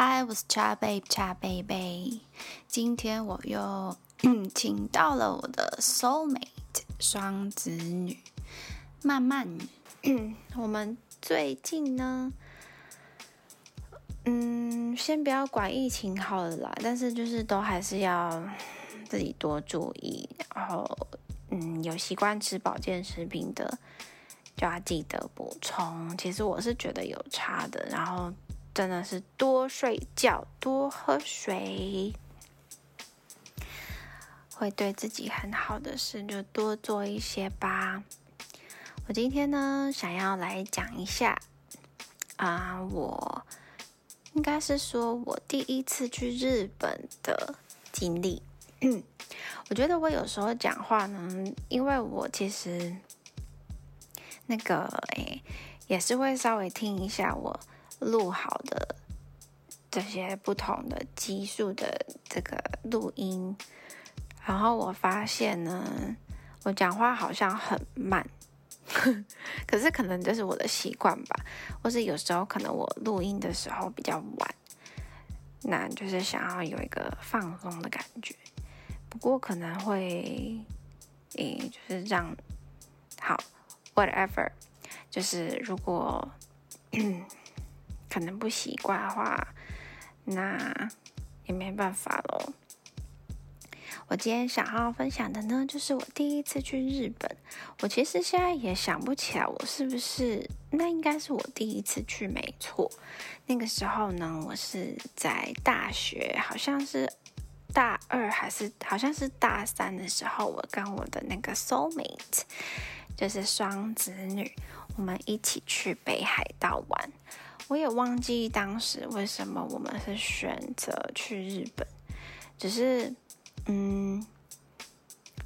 Hi，我是恰貝貝，恰貝貝。今天我又請到了我的 soulmate，雙子女慢慢，我們最近呢，嗯，先不要管疫情好了啦，但是就是都還是要自己多注意。然後，嗯，有習慣吃保健食品的，就要記得補充。其實我是覺得有差的，然後。真的是多睡覺、多喝水，會對自己很好的事就多做一些吧。我今天呢，想要來講一下啊、呃，我應該是說我第一次去日本的經歷。 我覺得我有時候講話呢，因為我其實那個哎、欸，也是會稍微聽一下我。錄好的這些不同的集數的這個錄音，然後我發現呢，我講話好像很慢呵呵，可是可能這是我的習慣吧，或是有時候可能我錄音的時候比較晚，那就是想要有一個放鬆的感覺，不過可能會，嗯、欸，就是這樣，好，whatever，就是如果。 可能不習慣的話，那也沒辦法嘍。我今天想要分享的呢，就是我第一次去日本。我其實現在也想不起來，我是不是，那應該是我第一次去，沒錯。那個時候呢，我是在大學，好像是大二還是好像是大三的時候，我跟我的那個 soulmate，就是雙子女，我們一起去北海道玩。我也忘記當時為什麼我們是選擇去日本，只是嗯，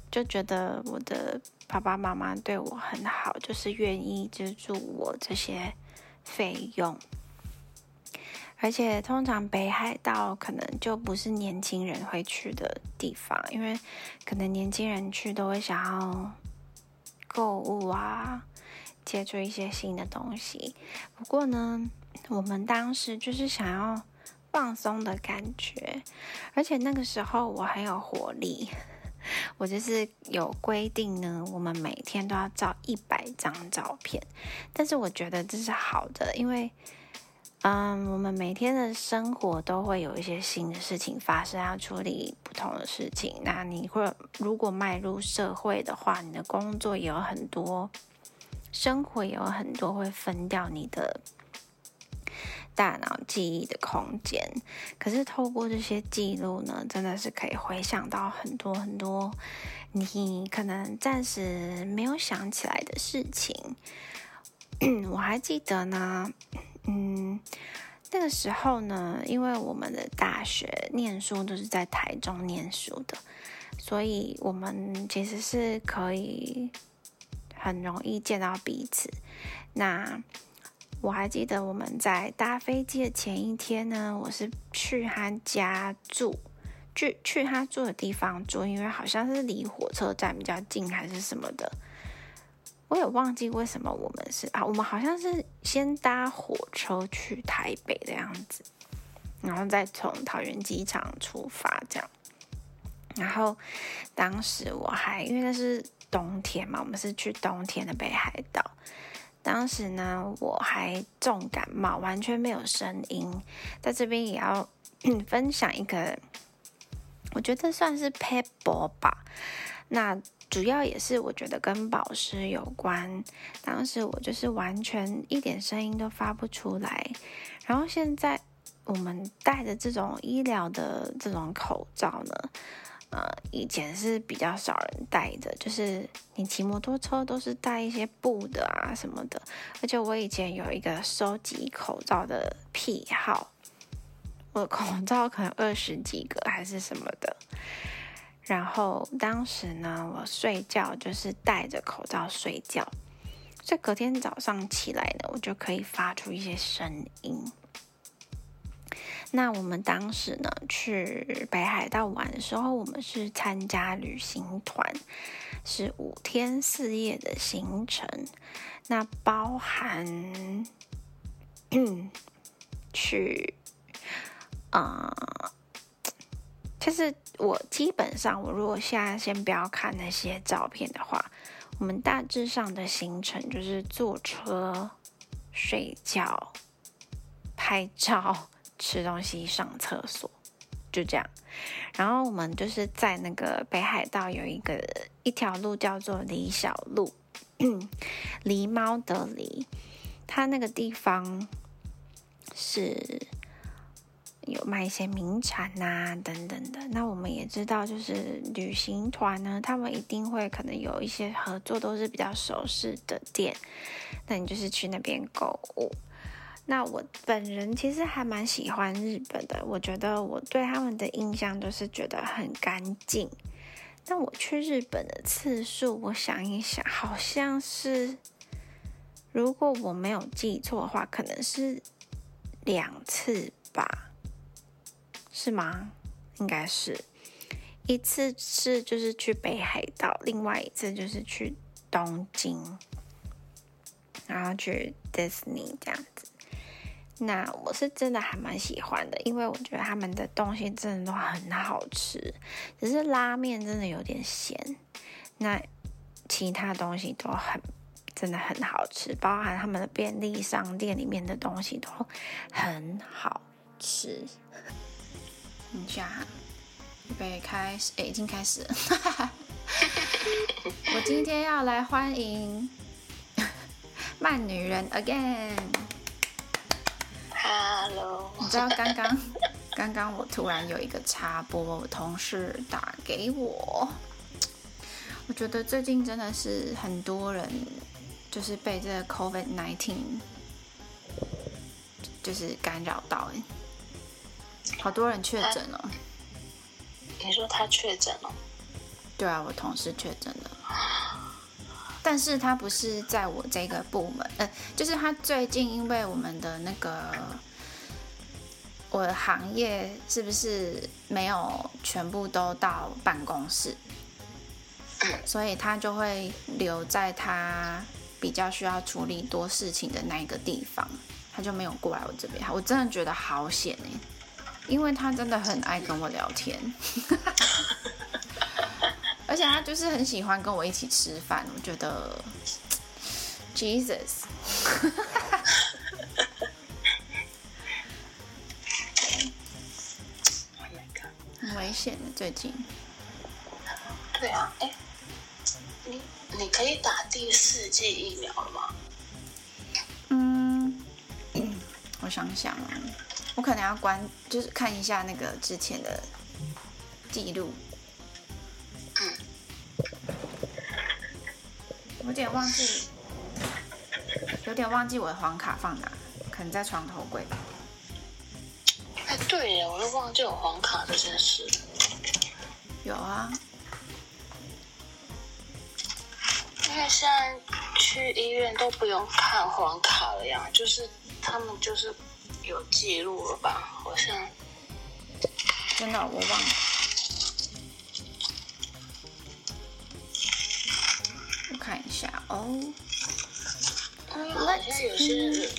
就覺得我的爸爸媽媽對我很好，就是願意資助我這些費用。而且通常北海道可能就不是年輕人會去的地方，因為可能年輕人去都會想要購物啊，接觸一些新的東西。不過呢。我們當時就是想要放鬆的感覺，而且那個時候我很有活力。我就是有規定呢，我們每天都要照一百張照片。但是我覺得這是好的，因為，嗯，我們每天的生活都會有一些新的事情發生，要處理不同的事情。那你會如果邁入社會的話，你的工作也有很多，生活也有很多會分掉你的。大腦記憶的空間，可是透過這些記錄呢，真的是可以回想到很多很多你可能暫時沒有想起來的事情。 我還記得呢，嗯，那個時候呢，因為我們的大學念書都是在台中念書的，所以我們其實是可以很容易見到彼此。那我還記得我們在搭飛機的前一天呢，我是去他家住，去去他住的地方住，因為好像是離火車站比較近還是什麼的，我也忘記為什麼我們是啊，我們好像是先搭火車去台北的樣子，然後再從桃園機場出發這樣，然後當時我還，因為那是冬天嘛，我們是去冬天的北海道。當時呢，我還重感冒，完全沒有聲音，在這邊也要分享一個，我覺得算是撇步吧。那主要也是我覺得跟保濕有關。當時我就是完全一點聲音都發不出來，然後現在我們戴着這種醫療的這種口罩呢。呃，以前是比較少人戴的，就是你騎摩托車都是戴一些布的啊什麼的。而且我以前有一個收集口罩的癖好，我的口罩可能二十幾個還是什麼的。然後當時呢，我睡覺就是戴着口罩睡覺，所以隔天早上起來呢，我就可以發出一些聲音。那我們當時呢，去北海道玩的時候，我們是參加旅行團，是五天四夜的行程。那包含嗯去啊、呃，就是我基本上，我如果現在先不要看那些照片的話，我們大致上的行程就是坐車、睡覺、拍照。吃東西、上廁所，就這樣。然後我們就是在那個北海道有一個一條路叫做狸小路，狸貓的狸。它那個地方是有賣一些名產吶、啊、等等的。那我們也知道，就是旅行團呢，他們一定會可能有一些合作，都是比較熟悉的店。那你就是去那邊購物。那我本人其實還蠻喜歡日本的。我覺得我對他們的印象就是覺得很乾淨。那我去日本的次數，我想一想，好像是，如果我沒有記錯的話，可能是兩次吧？是嗎？應該是。一次是就是去北海道，另外一次就是去東京，然後去 Disney 這樣子。那我是真的還蠻喜歡的，因為我覺得他們的東西真的都很好吃，只是拉麵真的有點鹹。那其他東西都很真的很好吃，包含他們的便利商店裡面的東西都很好吃。等一下，預 備開始，欸，已經開始了。 我今天要來歡迎慢女人 again。Hello. 你知道剛剛，剛剛我突然有一個插播，我同事打給我。我覺得最近真的是很多人，就是被這個 COVID-19 就是干擾到誒，好多人確診了。啊。你說他確診了？對啊，我同事確診了。但是他不是在我這個部門，呃，就是他最近因為我們的那個，我的行業是不是沒有全部都到辦公室，所以他就會留在他比較需要處理多事情的那一個地方，他就沒有過來我這邊。我真的覺得好險欸，因為他真的很愛跟我聊天。 而且他就是很喜歡跟我一起吃飯，我覺得 Jesus 很危險的，最近。對啊，欸、你你可以打第四劑疫苗了嗎？嗯，我想想我可能要關，就是看一下那個之前的記錄。嗯，有點忘記，有點忘記我的黃卡放哪，可能在床頭櫃吧。哎、欸，對呀，我又忘記我黃卡這件事。有啊，因為現在去醫院都不用看黃卡了呀，就是他們就是有記錄了吧？好像真的、哦，我忘了。哦、oh,，好像有些，人，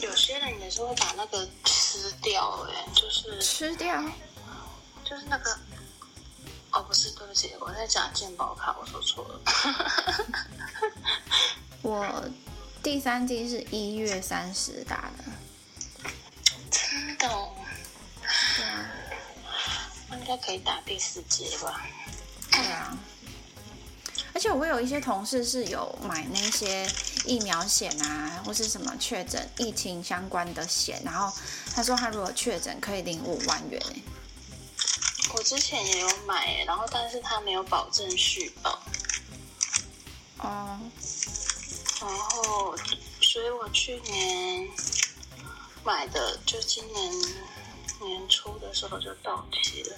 有些人也是會把那個吃掉、欸，誒，就是吃掉，就是那個，哦，不是，對不起，我在講健保卡，我說錯了。 我第三劑是一月三十打的，真的、哦？對、yeah. 應該可以打第四劑吧？對啊。而且我有一些同事是有買那些疫苗險啊，或是什麼確診疫情相關的險，然後他說他如果確診可以領五萬元欸。我之前也有買欸，然後但是他沒有保證續保。嗯，然後所以我去年買的就今年年初的時候就到期了。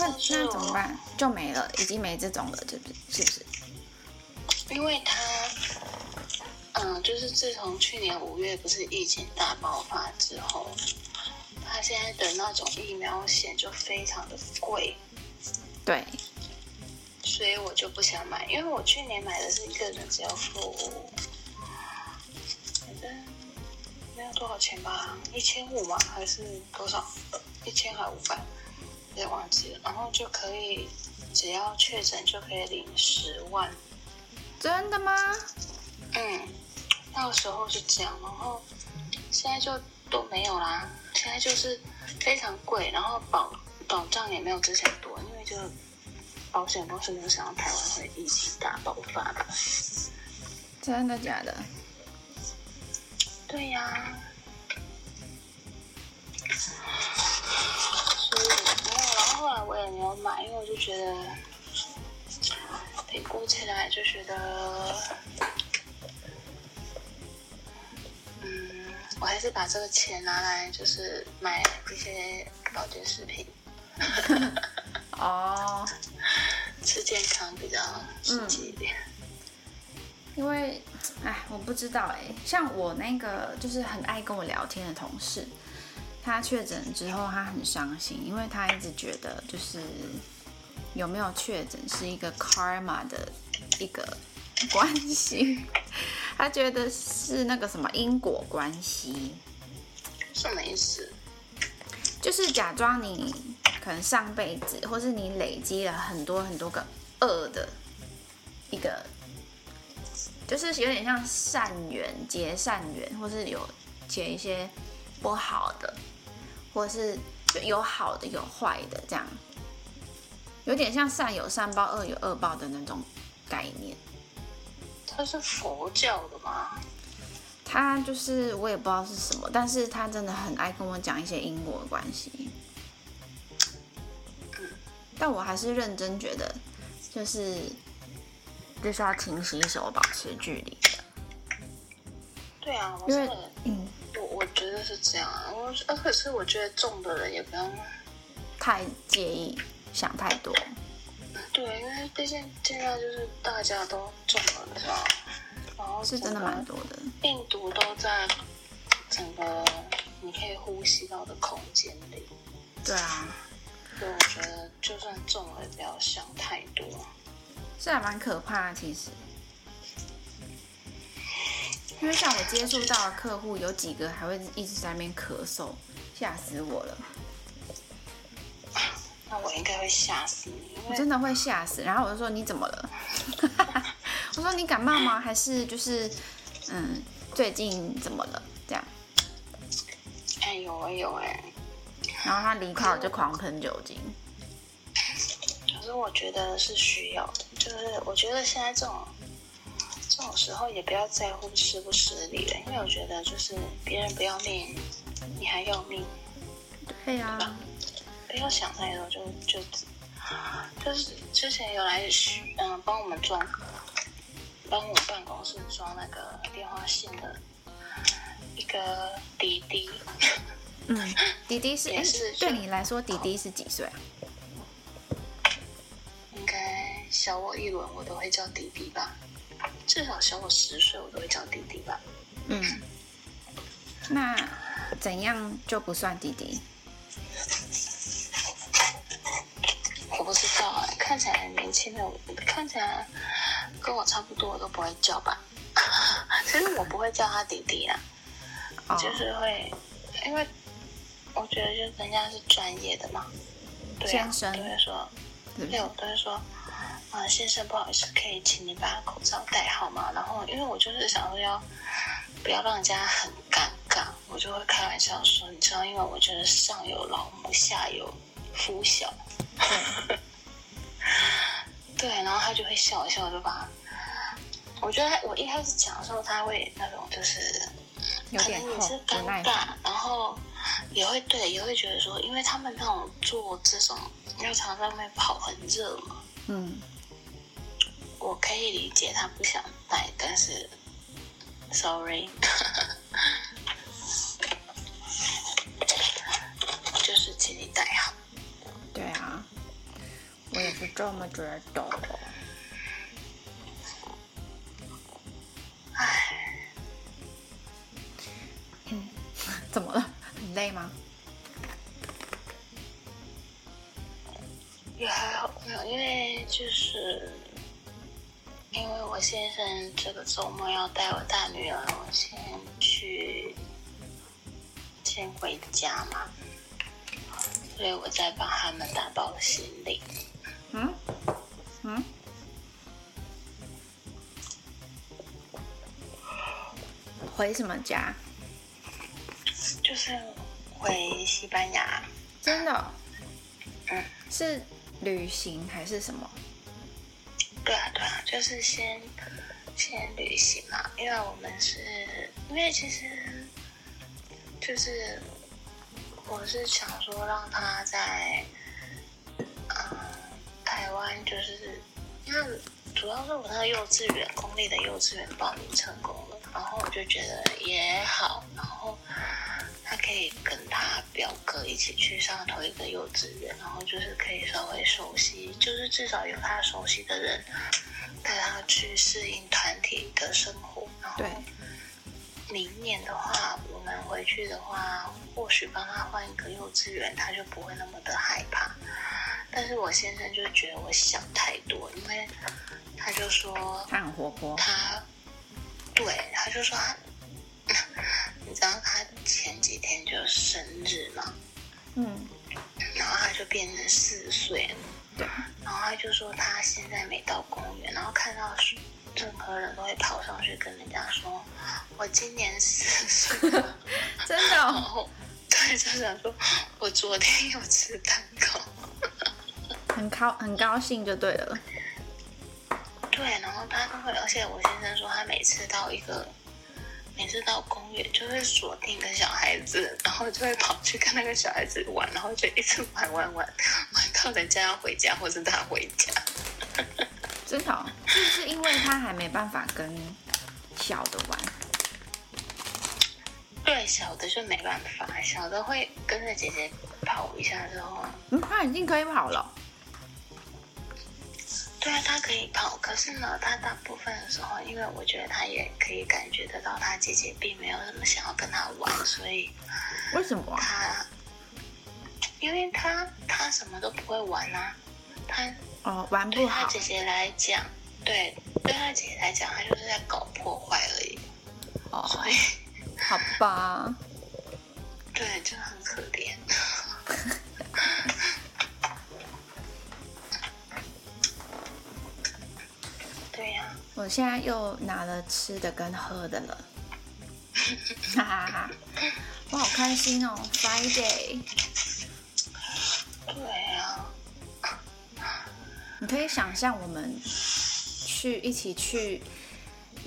那那怎麼辦？就沒了，已經沒這種了，是不是？是不是？因為他，嗯、呃，就是自從去年五月不是疫情大爆發之後，他現在的那種疫苗險就非常的貴。對。所以我就不想買，因為我去年買的是一個人只要付，反正沒有多少錢吧，一千五嘛，還是多少？一千還五百？別忘記了，然後就可以，只要確診就可以領十萬。真的嗎？嗯，到時候就這樣。然後現在就都沒有啦。現在就是非常貴，然後保保障也沒有之前多，因為就保險公司沒有想到台灣會疫情大爆發的。真的假的？對呀、啊。哦，然後後來我也沒有買，因為我就覺得，囤起來就覺得，嗯，我還是把這個錢拿來就是買一些保健食品。 哦，吃健康比較實際一點，嗯。因為，哎，我不知道哎，欸，像我那個就是很愛跟我聊天的同事。他確診之後，他很傷心，因為他一直覺得就是有沒有確診是一個 karma 的一個關係，他覺得是那個什麼因果關係。什麼意思？就是假裝你可能上輩子，或是你累積了很多很多個惡的，一個就是有點像善緣結善緣，或是有結一些不好的。或是有好的有壞的這樣，有點像善有善報惡有惡報的那種概念。他是佛教的嗎？他就是我也不知道是什麼，但是他真的很愛跟我講一些因果關係。但我還是認真覺得，就是就是要勤洗手，保持距離的。對啊，因為嗯。我覺得是這樣，我呃，可是我覺得中的人也不要太介意，想太多。對，因為畢竟現在就是大家都中了，是吧？然後是真的蠻多的，病毒都在整個你可以呼吸到的空間裡。對啊，所以，我覺得就算中了也不要想太多。這還蠻可怕的，其實。因為像我接觸到的客戶，有幾個還會一直在那邊咳嗽，嚇死我了。那我應該會嚇死你，我真的會嚇死。然後我就說：“你怎麼了？” 我說：“你感冒嗎？還是就是……嗯，最近怎麼了？”這樣。哎，有啊有哎。然後他離開了，我就狂噴酒精。可是我覺得是需要的，就是我覺得現在這種。到時候也不要在乎失不失禮了，因為我覺得就是別人不要命，你還要命，對呀、啊，不要想太多就，就就就是之前有來嗯、呃、幫我們裝，幫我辦公室裝那個電話線的一個弟弟，嗯，弟弟是，也是對你來說弟弟是幾歲？應該小我一輪，我都會叫弟弟吧。至少小我十歲，我都會叫弟弟吧。嗯，那怎樣就不算弟弟？我不知道，看起來年輕的，看起來跟我差不多，我都不會叫吧。其、嗯、實 我不會叫他弟弟啊。哦，就是會，因為我覺得就人家是專業的嘛，對、啊。健身，所以說，對我對？所以說。啊，先生，不好意思，可以請你把口罩戴好嗎？然後，因為我就是想說，要不要讓人家很尷尬，我就會開玩笑說，你知道，因為我覺得上有老母，下有夫小。對， 對，然後他就會笑一笑，就把。我覺得我一開始講的時候，他會那種就是有點可能你是尷尬，然後也會對，也會覺得說，因為他們那種做這種因為常在外面跑，很熱嘛，嗯。我可以理解他不想戴，但是，sorry， 就是請你戴好。對啊，我也是這麼覺得。唉，嗯， 怎麼了？你累嗎？也還好，沒有，因為就是。因為我先生這個周末要帶我大女兒，我先去先回家嘛，所以我在幫他們打包行李。嗯嗯，回什麼家？就是回西班牙。真的哦？嗯，是旅行還是什麼？對啊，對啊，就是先先旅行嘛，因為我們是因為其實就是我是想說讓他在嗯、呃、台灣，就是因為主要是我那個幼稚園公立的幼稚園報名成功了，然後我就覺得也好。可以跟他表哥一起去上同一個幼稚園，然後就是可以稍微熟悉，就是至少有他熟悉的人帶他去適應團體的生活。然後明年的話，我們回去的話，或許幫他換一個幼稚園，他就不會那麼的害怕。但是我先生就覺得我想太多，因為他就說他，他很活潑。他，對，他就說他。你知道他前幾天就生日嘛？嗯，然後他就變成四歲了。對，然後他就說他現在沒到公園，然後看到任何人都會跑上去跟人家說：“我今年四歲， 真的哦。”哦。對，就想說我昨天有吃蛋糕， 很高很高興就對了。對，然後他都會，而且我先生說他每次到一個。每次到公園，就會鎖定一個小孩子，然後就會跑去跟那個小孩子玩，然後就一直玩玩玩，玩到人家要回家或者他回家。真的，就是，是因為他還沒辦法跟小的玩， 對，小的就沒辦法，小的會跟着姐姐跑一下之後，嗯，他已經可以跑了。因為他可以跑，可是呢，他大部分的時候，因為我覺得他也可以感覺得到，他姐姐並沒有那麼想要跟他玩，所以為什麼？他，因為他他什麼都不會玩啊，他哦玩不好，對他姐姐來講，哦，對，對他姐姐來講，他就是在搞破壞而已。哦，所以好吧， 對，真的很可憐。 我現在又拿了吃的跟喝的了，哈哈哈！我好開心哦，Friday。對啊，你可以想象我們去一起去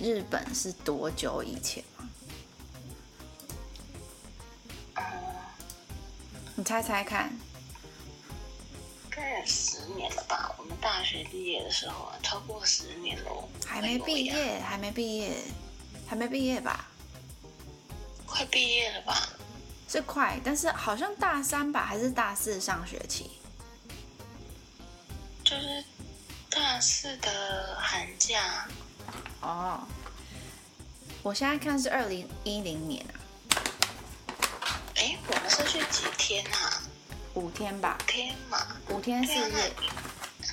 日本是多久以前嗎？你猜猜看。應該有十年了吧？我們大學畢業的時候，超過十年了，還沒畢業，還沒畢業，還沒畢業吧？快畢業了吧？是快，但是好像大三吧，還是大四上學期？就是大四的寒假。哦，oh，我現在看是二零一零年。哎，我們是去幾天啊？五天吧？五天嘛，五天四夜、啊。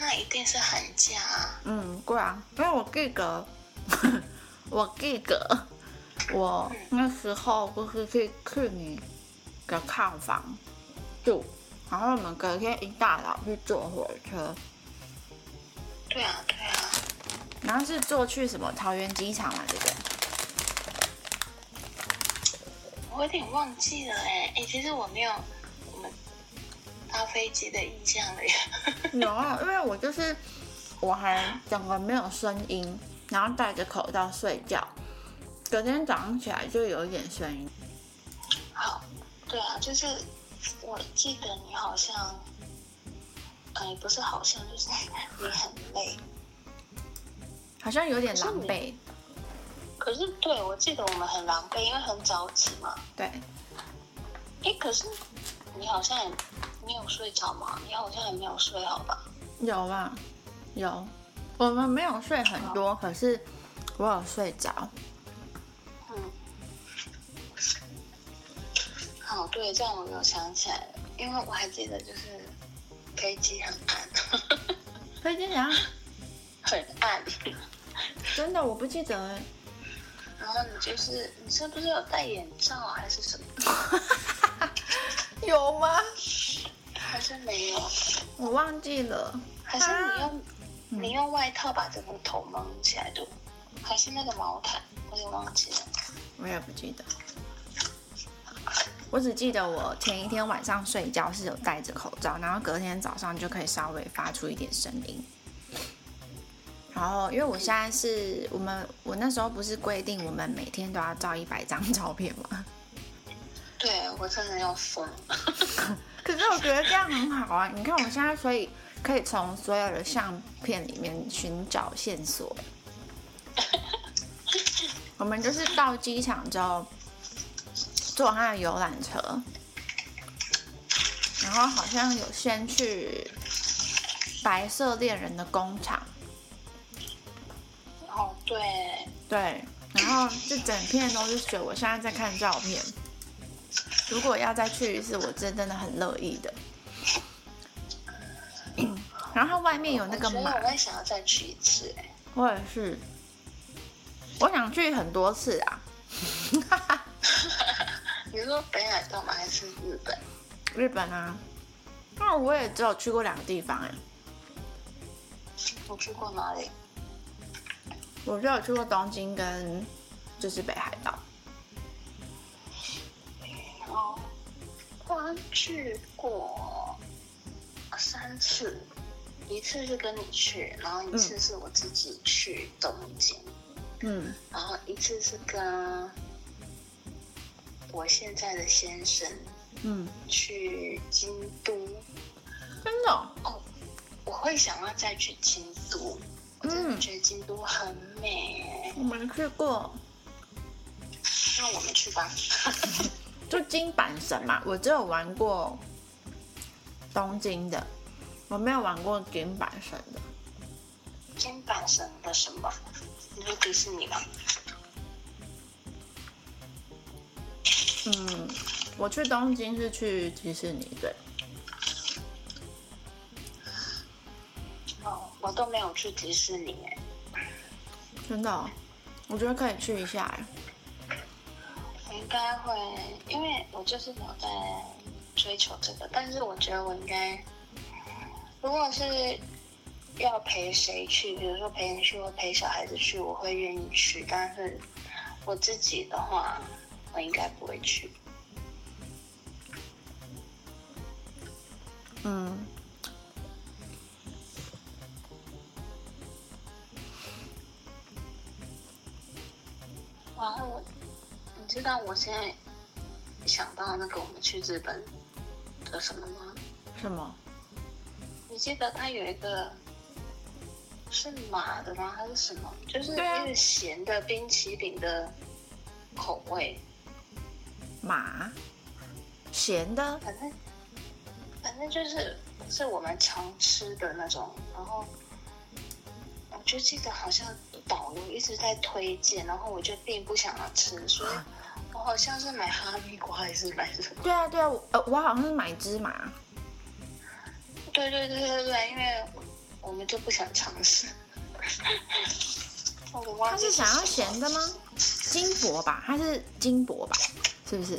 那一定是寒假、啊。嗯，對啊，因為我記得， 我記得我那時候不是去去你的看房就，然後我們隔天一大早去坐火車。對啊，對啊。然後是坐去什麼桃園機場嘛，對不對？我有點忘記了哎、欸、哎、欸，其實我沒有。搭飛機的印象裡呀？有啊，因為我就是我還講了沒有聲音，然後戴着口罩睡覺，隔天早上起來就有一點聲音。好，對啊，就是我記得你好像，哎、呃，不是好像，就是你很累，好像有點狼狽。可是，可是對，我記得我們很狼狽，因為很早起嘛。對。哎、欸，可是。你好像也沒有睡着嗎？你好像也沒有睡，好吧？有吧？有。我們沒有睡很多，可是我有睡着。嗯。好，對，這樣我沒有想起來了，因為我還記得就是飛機很暗。 飛機很暗。很暗。 真的，我不記得。然後你就是你是不是有戴眼罩、啊、還是什麼？ 有嗎？還是沒有？我忘記了。還是你用、啊、你用外套把整個頭蒙起來的？還是那個毛毯？我也忘記了。我也不記得。我只記得我前一天晚上睡覺是有戴着口罩，然後隔天早上就可以稍微發出一點聲音。然後，因為我現在是我們，我那時候不是規定我們每天都要照一百張照片嗎？我真的要瘋， 可是我覺得這樣很好啊！你看，我現在所以可以從所有的相片裡面尋找線索。 我們就是到機場之後，坐他的遊覽車，然後好像有先去白色戀人的工廠。哦、oh，對對，然後這整片都是雪。我現在在看照片。如果要再去一次，我真真的很樂意的、嗯。然後外面有那個馬，我也想要再去一次哎。我也是，我想去很多次啊。你說北海道嗎？還是日本？日本啊，那、嗯、我也只有去過兩個地方哎、欸。我去過哪裡？我就有去過東京跟就是北海道。哦，我去過、哦、三次，一次是跟你去，然後一次是我自己去東京，嗯，然後一次是跟我現在的先生，嗯，去京都，真的哦，我會想要再去京都、嗯，我真的覺得京都很美，我們去過，那我們去吧。 就京阪神嘛，我只有玩過東京的，我沒有玩過京阪神的。京阪神的什麼？你說迪士尼嗎？嗯，我去東京是去迪士尼，對。哦、oh,，我都沒有去迪士尼哎，真的、哦，我覺得可以去一下應該會，因為我就是沒有在追求這個，但是我覺得我應該，如果是要陪誰去，比如說陪你去或陪小孩子去，我會願意去，但是我自己的話，我應該不會去。嗯。你知道我現在想到那個我們去日本的什麼嗎？什麼？你記得它有一個是馬的嗎？還是什麼？就是一個鹹的冰淇淋的口味。啊、馬鹹的，反正反正就是是我們常吃的那種。然後我就記得好像導遊一直在推薦，然後我就並不想要吃，所以。啊我好像是買哈密瓜，還是買什麼？對啊，對啊我，呃，我好像是買芝麻。對對對對對，因為我們就不想嘗試。它是想要鹹的嗎？金箔吧，它是金箔吧？是不是？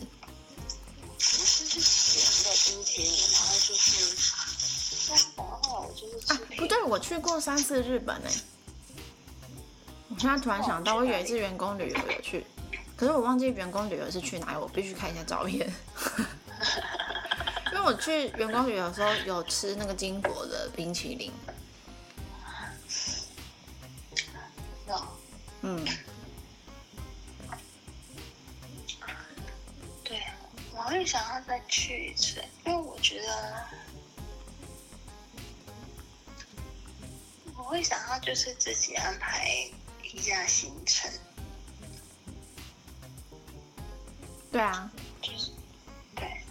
不是鹹的冰淇淋，我拿就是金就是啊，不對，我去過三次日本呢。我現在突然想到，我有一次員工旅遊有去。可是我忘記員工旅遊是去哪裡，我必須看一下照片。 因為我去員工旅遊的時候有吃那個金箔的冰淇淋。有，嗯，對，我會想要再去一次，因為我覺得我會想要就是自己安排一下行程。對啊，就是對。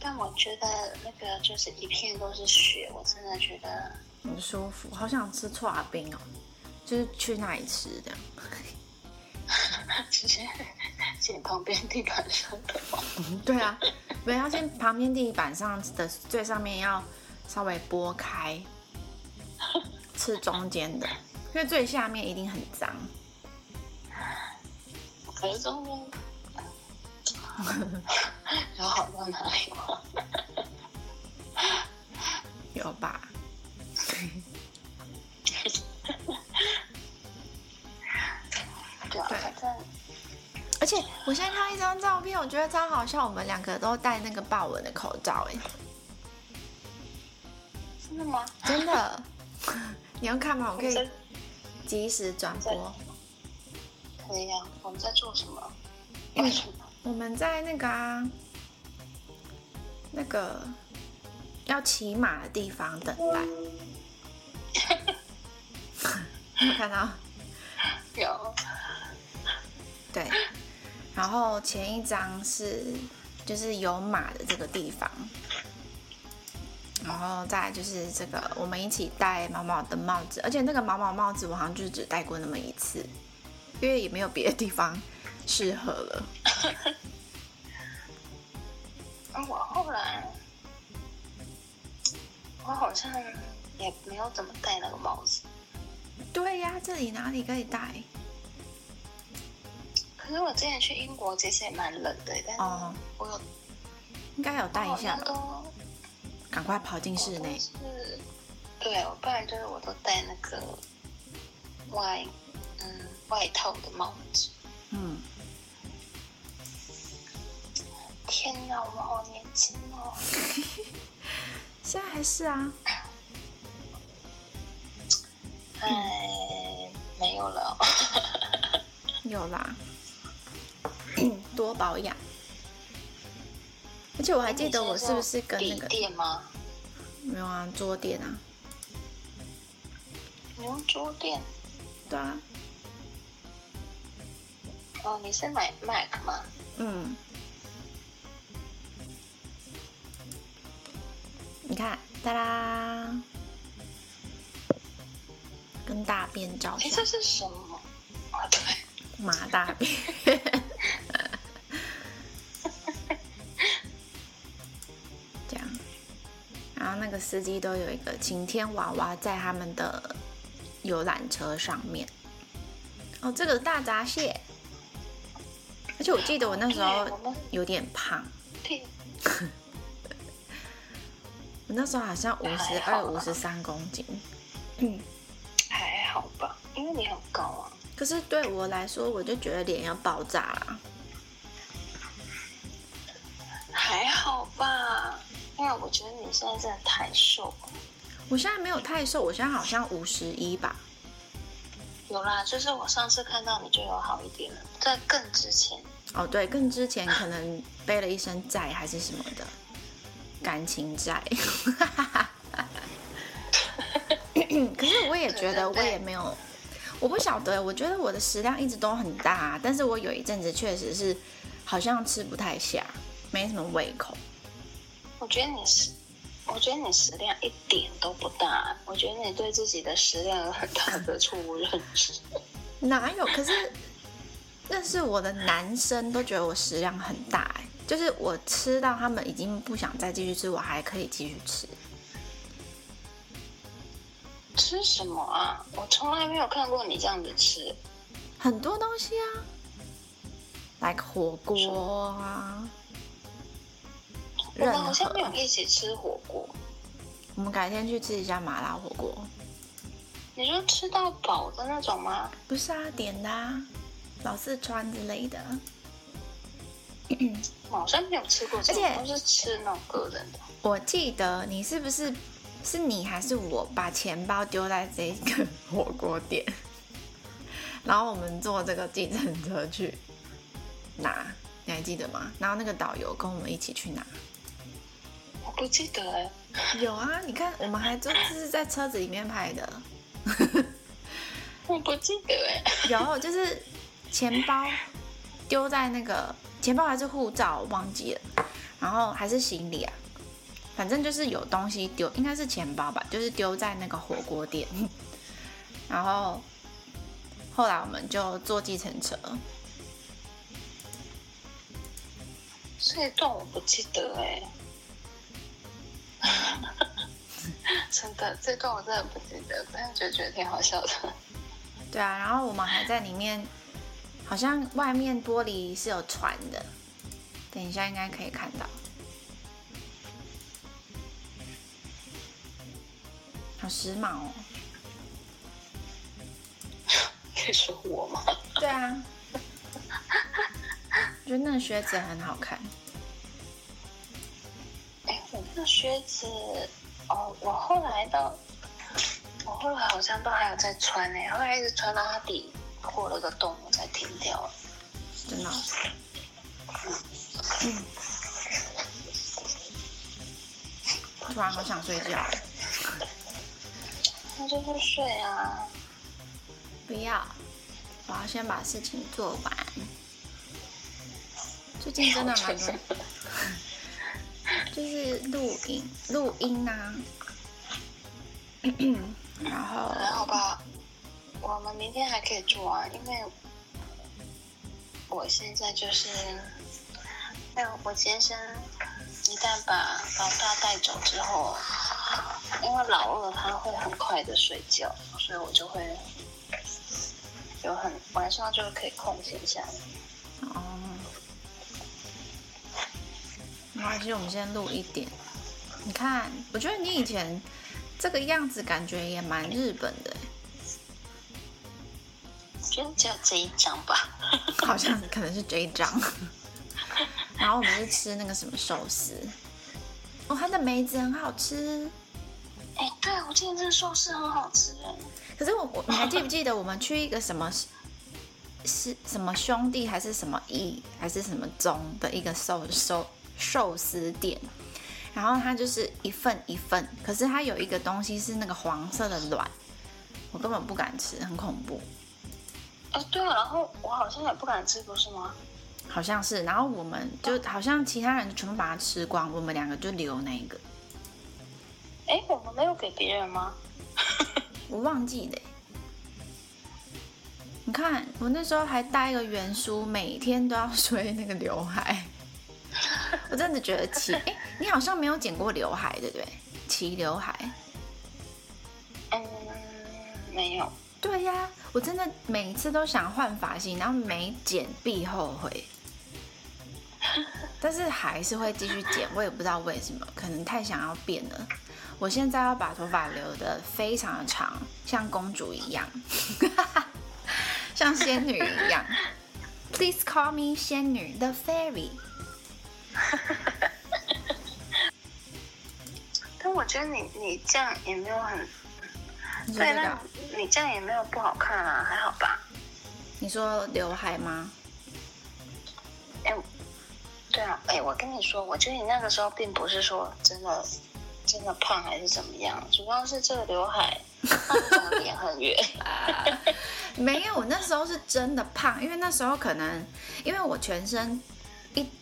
但我覺得那個就是一片都是雪，我真的覺得很舒服。好想吃剉冰哦、喔，就是去那裡吃這樣。 直接撿、 嗯啊、旁邊地板上的。對啊，不要先旁邊地板上的最上面，要稍微撥開，吃中間的，因為最下面一定很髒。是中有好到哪裡嗎？有吧。對，而且我現在看到一張照片，我覺得超好笑，我們兩個都戴那個豹紋的口罩。哎，真的嗎？真的，你要看嗎？我可以及時轉播。呀、啊，我們在做什麼？我們在那個啊，那個要騎馬的地方等待。 有看到？有。對。然後前一張是就是有馬的這個地方，然後再來就是這個我們一起戴毛毛的帽子，而且那個毛毛帽子我好像就只戴過那麼一次。因為也沒有別的地方適合了。 而我後來，我好像也沒有怎麼戴那個帽子。對呀、啊，這裡哪裡可以戴？可是我之前去英國，其實也蠻冷的，但是我有，應該有戴一下的。都趕快跑進室內。是，對、啊，我不然就是我都戴那個外，Wine, 嗯。外套的帽子，嗯，天哪，我們好年輕哦！ 現在還是啊，哎、嗯，沒有了、哦， 有啦、嗯，多保養。而且我還記得，我是不是跟那個？沒、哎、有啊，桌墊啊，你用桌墊？對啊。哦，你是買 mac 嗎？嗯。你看，噠啦，跟大便照相。欸，這是什麼？啊，對，馬大便。哈！哈哈！哈哈！這樣，然後那個司機都有一個晴天娃娃在他們的遊覽車上面。哦，這個大閘蟹。而且我記得我那時候有點胖， 我那時候好像五十二、五十三公斤，嗯，還好吧，因為你很高啊。可是對我來說，我就覺得臉要爆炸了。還好吧，因為我覺得你現在真的太瘦。我現在沒有太瘦，我現在好像五十一吧。有啦，就是我上次看到你就有好一點了，在更之前哦，對，更之前可能背了一身債 還是什麼的，感情債。 可是我也覺得我也沒有，對對對，我不曉得，我覺得我的食量一直都很大，但是我有一陣子確實是好像吃不太下，沒什麼胃口。我覺得你是。我覺得你食量一點都不大，我覺得你對自己的食量有很大的錯誤認知，嗯。哪有？可是，認識我的男生都覺得我食量很大，哎，就是我吃到他們已經不想再繼續吃，我還可以繼續吃。吃什麼啊？我從來沒有看過你這樣子吃，很多東西啊，來個火鍋啊。我們好像沒有一起吃火鍋，我們改天去吃一下麻辣火鍋。你說吃到飽的那種嗎？不是啊，點的啊，老四川之類的。我好像沒有吃過這，這些都是吃那個人的。我記得你是不是，是你還是我把錢包丟在這個火鍋店， 然後我們坐這個計程車去拿，你還記得嗎？然後那個導遊跟我們一起去拿。我不記得，有啊！你看，我們還真的是在車子裡面拍的。 我不記得哎，有就是錢包丟在那個錢包還是護照忘記了，然後還是行李啊，反正就是有東西丟，應該是錢包吧，就是丟在那個火鍋店。然後後來我們就坐計程車，這一段我不記得哎。 真的，這段我真的不記得，但是覺得覺得挺好笑的。對啊，然後我們還在裡面，好像外面玻璃是有船的，等一下應該可以看到。好時髦哦、喔！可以是我嗎？對啊，我覺得那個靴子很好看。那靴子，哦，我後來都，我後來好像都還有在穿呢、欸，後來一直穿到它底破了個洞，我才停掉了。是真的。嗯。突、嗯、然 好想睡覺。那就去睡啊。不要，我要先把事情做完。最近真的蠻累 就是錄音，錄音啊， 然後， 然後吧，我們明天還可以做啊，因為我現在就是，我先生一旦把老大帶走之後，因為老二他會很快的睡覺，所以我就會有很，晚上就可以空閒下來。其實我們先錄一點。你看，我覺得你以前這個樣子感覺也蠻日本的。我覺得只有這一張吧，好像可能是這一張。 然後我們就吃那個什麼壽司。哦，它的梅子很好吃。哎、欸，對，我今天這個壽司很好吃。哎，可是我我你還記不記得我們去一個什麼是 什麼兄弟還是什麼義還是什麼忠的一個壽壽？壽司店，然後它就是一份一份，可是它有一個東西是那個黃色的卵，我根本不敢吃，很恐怖。哎、欸，對啊，然後我好像也不敢吃，不是嗎？好像是，然後我們就好像其他人全部把它吃光，我們兩個就留那個。哎、欸，我們沒有給別人嗎？ 我忘記了。你看，我那時候還戴一個圓梳，每天都要吹那個劉海。我真的覺得齊誒、欸，你好像沒有剪過劉海，對不對？齊劉海？嗯，沒有。Oh, 對呀、啊，我真的每次都想換髮型，然後每剪必後悔， 但是還是會繼續剪。我也不知道為什麼，可能太想要變了。我現在要把頭髮留得非常的長，像公主一樣， 像仙女一樣。 Please call me 仙女，the fairy。 但我覺得你你這樣也沒有很，對， 那你，你這樣也沒有不好看啊，還好吧？你說劉海嗎？哎、欸，對啊，哎、欸，我跟你說，我覺得你那個時候並不是說真的真的胖還是怎麼樣，主要是這個劉海，臉很圓 啊。沒有，那時候是真的胖，因為那時候可能因為我全身。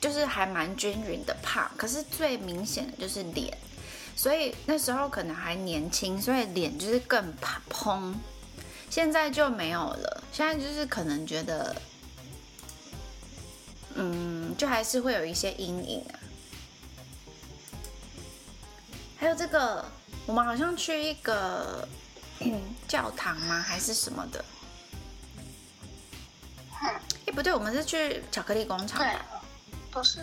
就是還蠻均勻的胖，可是最明顯的就是臉，所以那時候可能還年輕，所以臉就是更胖嘭，現在就沒有了。現在就是可能覺得，嗯，就還是會有一些陰影啊。還有這個，我們好像去一個、嗯、教堂嗎？還是什麼的？哎、欸，不對，我們是去巧克力工廠。不是，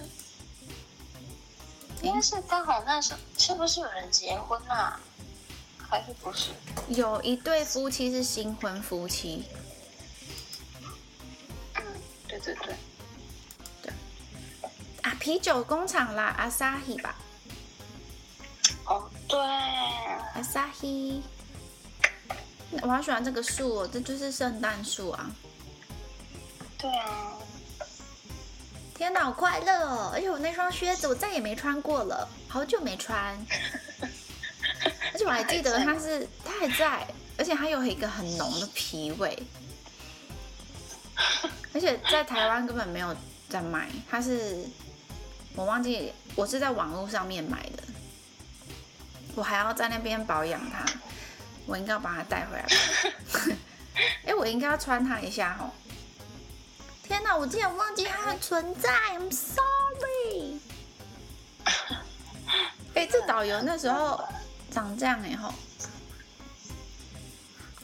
應該是剛好那時候，是不是有人結婚啊？還是不是？有一對夫妻是新婚夫妻。嗯，對對對，對。啊，啤酒工廠啦，Asahi 吧。哦，對，Asahi。我好我喜歡這個樹哦，這就是聖誕樹啊。對啊。天吶，好快樂！而且我那雙靴子，我再也沒穿過了，好久沒穿。而且我還記得它是，它還，還在，而且它有一個很濃的皮味。而且在台灣根本沒有在賣，它是我忘記我是在網絡上面買的。我還要在那邊保養它，我應該要把它帶回來吧。哎、 欸，我應該要穿它一下哦.天哪，我竟然忘記他的存在、欸、I'm sorry。哎、欸，這導遊那時候長這樣哎、欸、吼，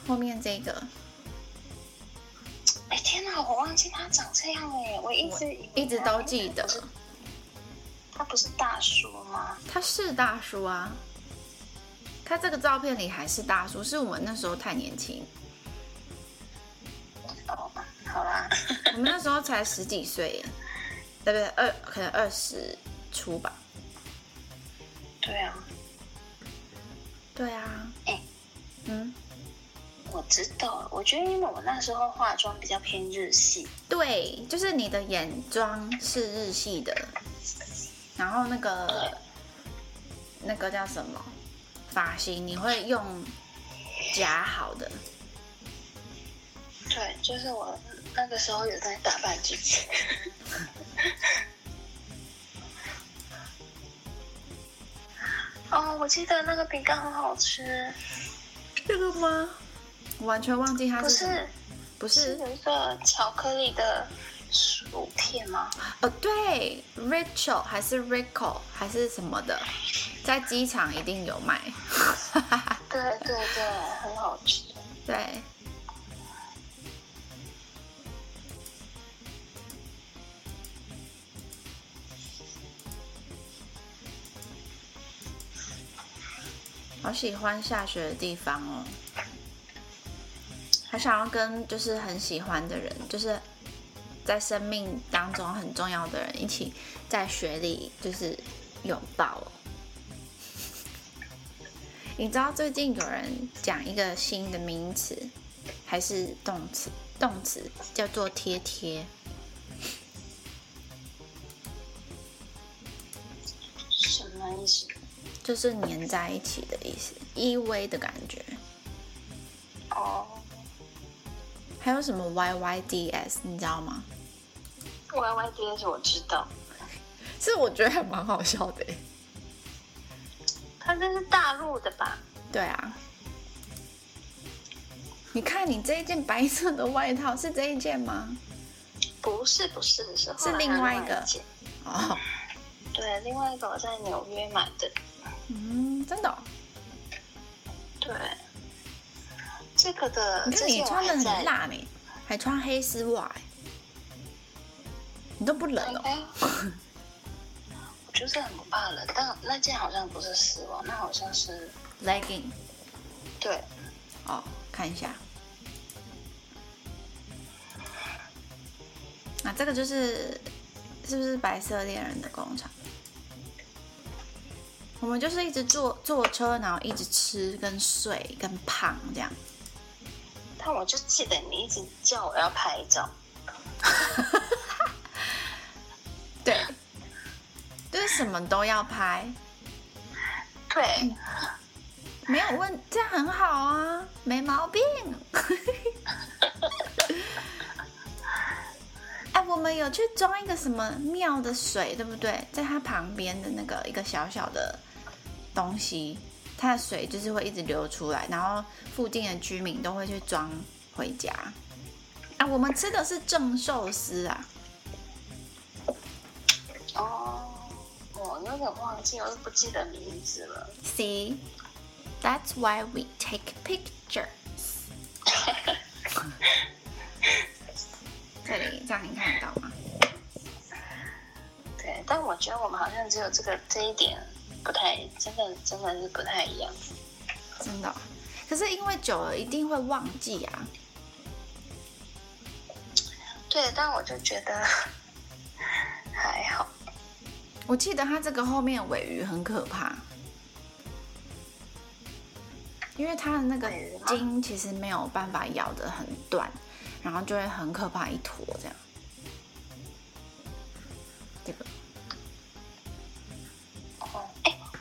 後面這個，哎、欸、天哪，我忘記他長這樣哎、欸，我一直我一直都記得。他不，不是大叔嗎？他是大叔啊，他這個照片裡還是大叔，是我們那時候太年輕。好啦， 我們那時候才十幾歲，對不對？二可能二十初吧。對啊，對啊、欸。嗯，我知道。我覺得因為我那時候化妝比較偏日系。對，就是你的眼妝是日系的，然後那個那個叫什麼髮型，你會用夾好的。對，就是我。那個時候有在打扮自己， 哦，我記得那個餅乾很好吃，這個嗎？我完全忘記它是不是？不是有一個巧克力的薯片嗎？哦，對，Rachel 還是 Rico 還是什麼的，在機場一定有賣， 對對對，很好吃，對。好喜歡下雪的地方哦、喔，還想要跟就是很喜歡的人，就是在生命當中很重要的人一起在雪裡就是擁抱、喔。你知道最近有人講一個新的名詞，還是動詞？動詞叫做“貼貼”。就是粘在一起的意思，依偎的感覺。哦、oh.，還有什麼 Y Y D S，你知道嗎？Y Y D S 我知道，是我覺得還蠻好笑的。他它這是大陸的吧？對啊。你看你這一件白色的外套是這一件嗎？不是，不是，是是另外一個。哦、oh.，對，另外一個我在紐約買的。真的、哦，對，這個的，欸、你看你穿的很辣呢、欸，還穿黑絲襪、欸，你都不冷哦、喔。Okay. 我就是很不怕冷，但那件好像不是絲襪，那好像是 legging。對，哦，看一下，那這個就是是不是白色戀人的工廠？我們就是一直坐坐車，然後一直吃跟睡跟胖這樣。但我就記得你一直叫我要拍照， 對，就是什麼都要拍，對，嗯、沒有問，這樣很好啊，沒毛病。哎、 啊，我們有去裝一個什麼廟的水，對不對？在它旁邊的那個一個小小的。東西，它的水就是會一直流出來，然後附近的居民都會去裝回家。啊，我們吃的是正壽司啊。Oh, 哦，我有點忘記，我都不記得名字了。See, that's why we take pictures、 嗯。這裡這樣你看得到嗎？對，okay，但我覺得我們好像只有這個這一點。不太，真的，真的是不太一樣，真的、喔。可是因為久了，一定會忘記啊。對，但我就覺得還好。我記得它這個後面鮪魚很可怕，因為它的那個筋其實沒有辦法咬得很斷，然後就會很可怕一坨這樣。這個。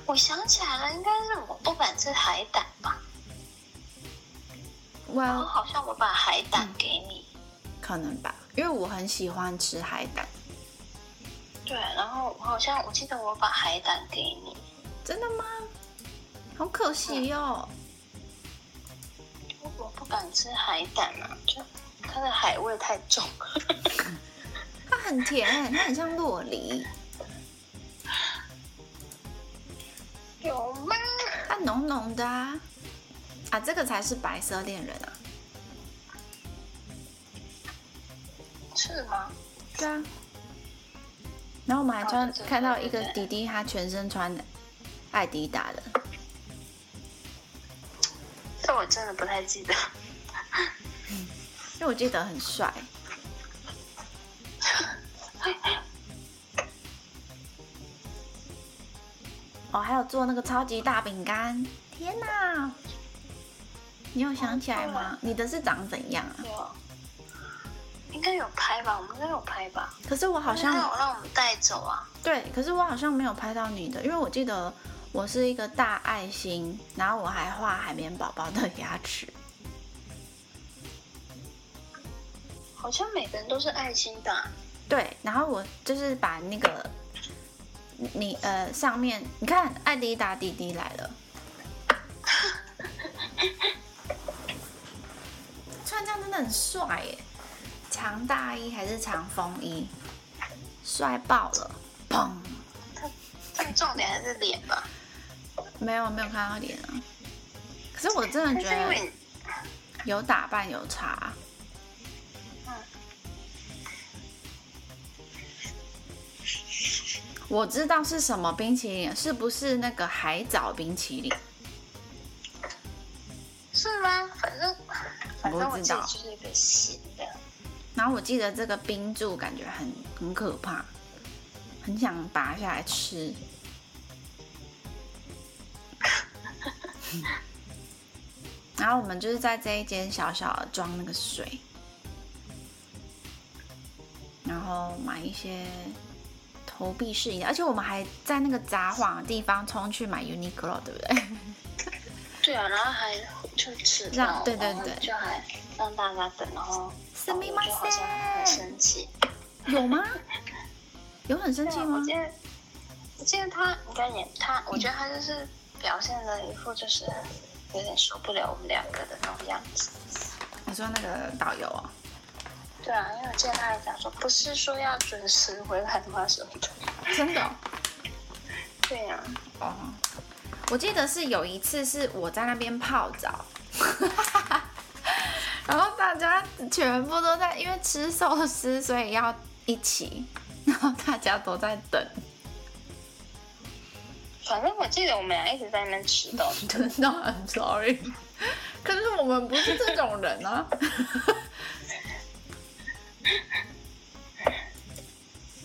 我想起來了，應該是我不敢吃海膽吧。Well, 然後好像我把海膽給你，嗯，可能吧，因為我很喜歡吃海膽。對，然後我好像我記得我把海膽給你。真的嗎？好可惜哦！嗯，我不敢吃海膽啊，就它的海味太重了。 它很甜，欸，它很像酪梨。有嗎？它濃濃的啊！啊，這個才是白色戀人啊？是嗎？對啊。然後我們還穿看到一個弟弟，他全身穿的愛迪達的。但我真的不太記得，因為我記得很帥。還有做那個超級大餅乾，天哪！你有想起來嗎？啊、你的是長怎樣啊、哦？應該有拍吧，我們應該有拍吧。可是我好像……沒有讓我們帶走啊？對，可是我好像沒有拍到你的，因為我記得我是一個大愛心，然後我還畫海綿寶寶的牙齒。好像每個人都是愛心的、啊。對，然後我就是把那個。你呃，上面你看，艾迪達弟弟來了， 穿這樣真的很帥耶！長大衣還是長風衣，帥爆了！砰！最重點還是臉吧。沒有沒有看到臉啊！可是我真的覺得有打扮有差。我知道是什麼冰淇淋，是不是那個海藻冰淇淋？是嗎？反正反正我知道，是一個新的。然後我記得這個冰柱感覺很很可怕，很想拔下來吃。 然後我們就是在這一間小小的裝那個水，然後買一些。投幣是一樣，而且我們還在那個札幌的地方衝去買 Uniqlo，對不對？對啊，然後還就遲到，對對對，對，就還讓大家等，然後導遊就好像很生氣，有嗎？ 有很生氣嗎？我記得，得他應該也他，我覺得他就是表現的一副就是有點受不了我們兩個的那種樣子。你說那個導遊啊、哦？對啊，因為我記得他還講說，不是說要準時回來嗎？什麼的，真的。對呀、啊。哦、oh.。我記得是有一次是我在那邊泡澡， 然後大家全部都在，因為吃壽司所以要一起，然後大家都在等。反正我記得我們倆一直在那邊吃，真 的 No ,很 I'm sorry 可是我們不是這種人啊。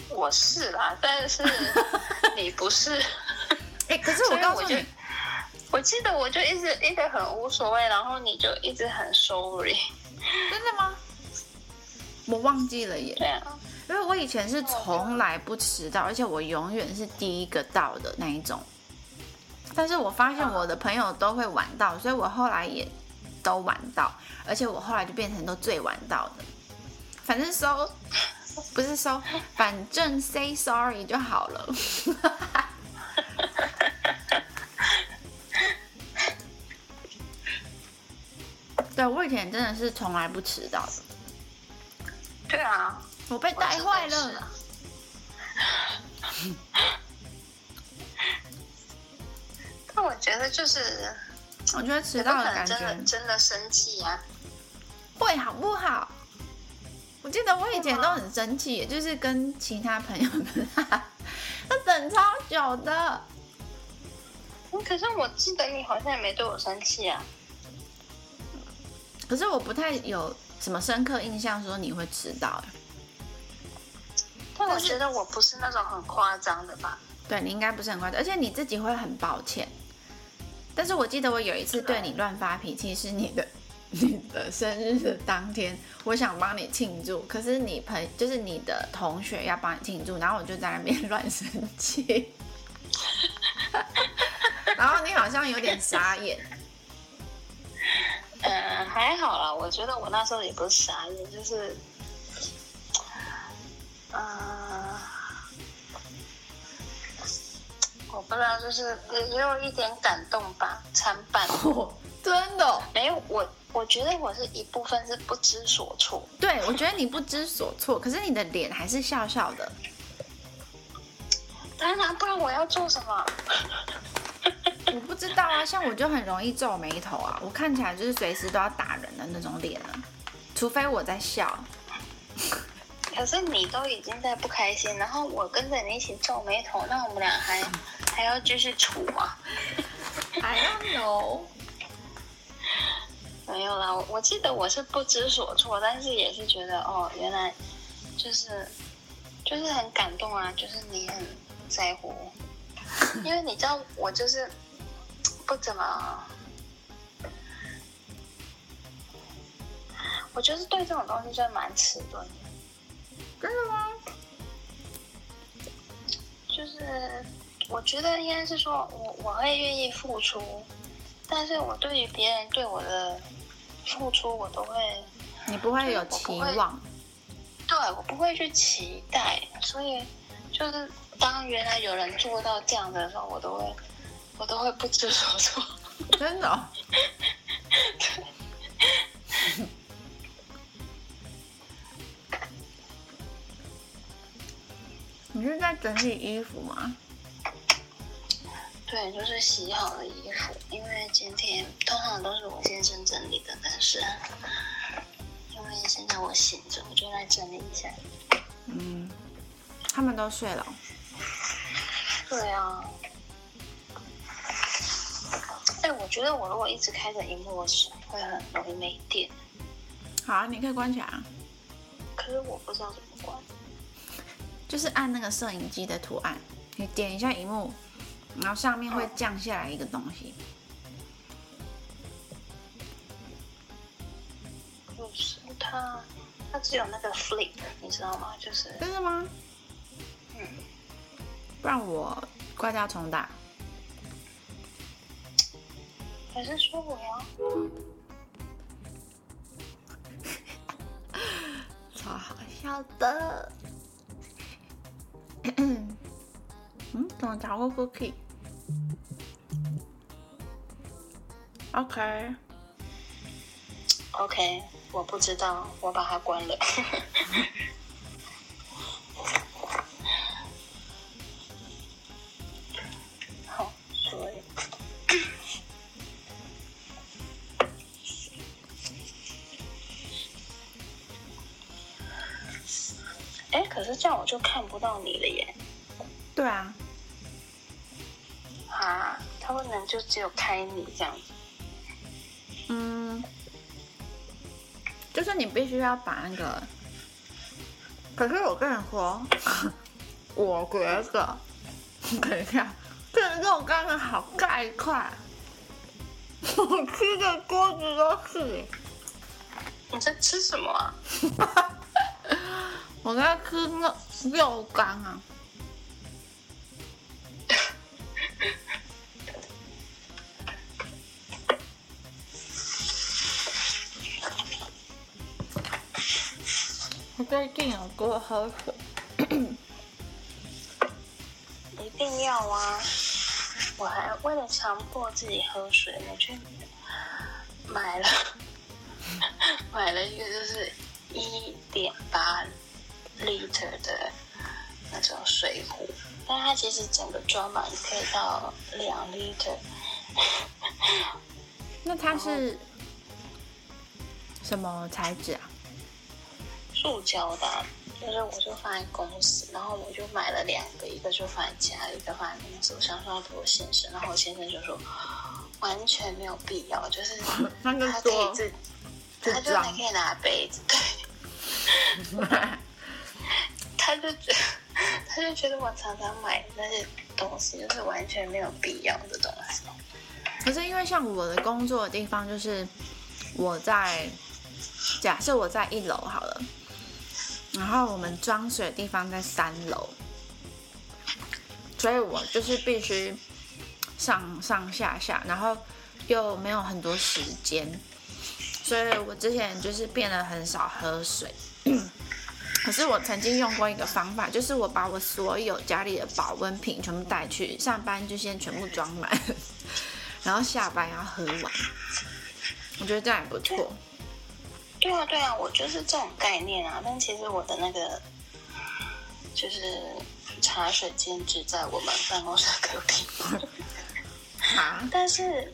我是啦，但是你不是。哎、 欸，可是我剛我就，我記得我就一直一直很無所謂，然後你就一直很 sorry。真的嗎？我忘記了耶。對啊，因為我以前是從來不遲到，而且我永遠是第一個到的那一種。但是我發現我的朋友都會晚到，所以我後來也都晚到，而且我後來就變成都最晚到的。反正搜、so, 不是搜、so, 反正 say sorry 就好了。 對，我以前真的是從來不遲到的。對啊，我被帶壞了。我 但我覺得就是，我覺得遲到的感覺真的真的生氣呀、啊。會好不好？我記得我以前都很生氣，就是跟其他朋友們，那等超久的。可是我記得你好像也沒對我生氣啊。可是我不太有什麼深刻印象說你會遲到。但我覺得我不是那種很誇張的吧？對，你應該不是很誇張，而且你自己會很抱歉。但是我記得我有一次對你亂發脾氣，是你的。你的生日的當天，我想幫你慶祝，可是你朋就是你的同學要幫你慶祝，然後我就在那邊亂生氣， 然後你好像有點傻眼。呃，還好啦，我覺得我那時候也不是傻眼，就是，呃，我不知道，就是也有一點感動吧，參半。我。真的，哦，沒有我，我覺得我是一部分是不知所措。對，我覺得你不知所措，可是你的臉還是笑笑的。當然，不然我要做什麼？我不知道啊，像我就很容易皺眉頭啊，我看起來就是隨時都要打人的那種臉啊，除非我在笑。可是你都已經在不開心，然後我跟着你一起皺眉頭，那我們倆還還要繼續處嗎？還要 I don't know 沒有啦我，我記得我是不知所措，但是也是覺得哦，原來就是就是很感動啊，就是你很在乎，因為你知道我就是不怎麼，我就是對這種東西就蠻遲鈍的，真的嗎？就是我覺得應該是說我我會願意付出。但是我對於別人對我的付出，我都會。你不會有期望。對，我不會去期待，所以就是當原來有人做到這樣的時候，我都會，我都會不知所措。真的哦？ 對 你是在整理衣服嗎？對，就是洗好的衣服，因為今天通常都是我先生整理的，但是因為現在我醒着，我就來整理一下。嗯，他們都睡了。對啊。哎、欸，我覺得我如果一直開着熒幕，會很容易沒電。好啊，你可以關起來。可是我不知道怎麼關？就是按那個攝影機的圖案，你點一下熒幕。然後上面會降下來一個東西，就、嗯、是它，它只有那個 flip，你知道嗎？就是真的、這個、嗎、嗯？不然我怪他要重打。還是說我呀？嗯、 超好笑的。 嗯，怎麼打不 cookie？OK，OK，我不知道，我把它關了。好，可以。哎，可是這樣我就看不到你了耶。對啊。啊，他不能就只有開你這樣子，嗯，就是你必須要把那個。可是我跟你說， 我覺得，等一下， 這肉乾的好蓋塊，我 吃的鍋子都是。你在吃什麼啊？ 我在吃肉肉乾啊。一定要多喝水！一定要啊！我還為了強迫自己喝水，我去買了買了一個就是一點八 L 的那種水壺，但它其實整個裝滿可以到兩 L。那它是什麼材質啊？塑膠的、啊，就是我就放在公司，然後我就買了兩個，一個就放在家，一個放在公司。我想,想要給我先生，然後我先生就說完全沒有必要，就是他可以自、那個，他就還可以拿杯子，對， 他就覺得他就覺得我常常買那些東西，就是完全沒有必要的東西。可是因為像我的工作的地方，就是我在，假設我在一樓好了。然後我們裝水的地方在三樓，所以我就是必須上上下下，然後又沒有很多時間，所以我之前就是變得很少喝水。可是我曾經用過一個方法，就是我把我所有家裡的保溫瓶全部帶去上班，就先全部裝滿，然後下班要喝完。我覺得這樣也不錯。對啊，對啊，我就是這種概念啊。但其實我的那個就是茶水間只在我們辦公室隔壁、 啊。但是，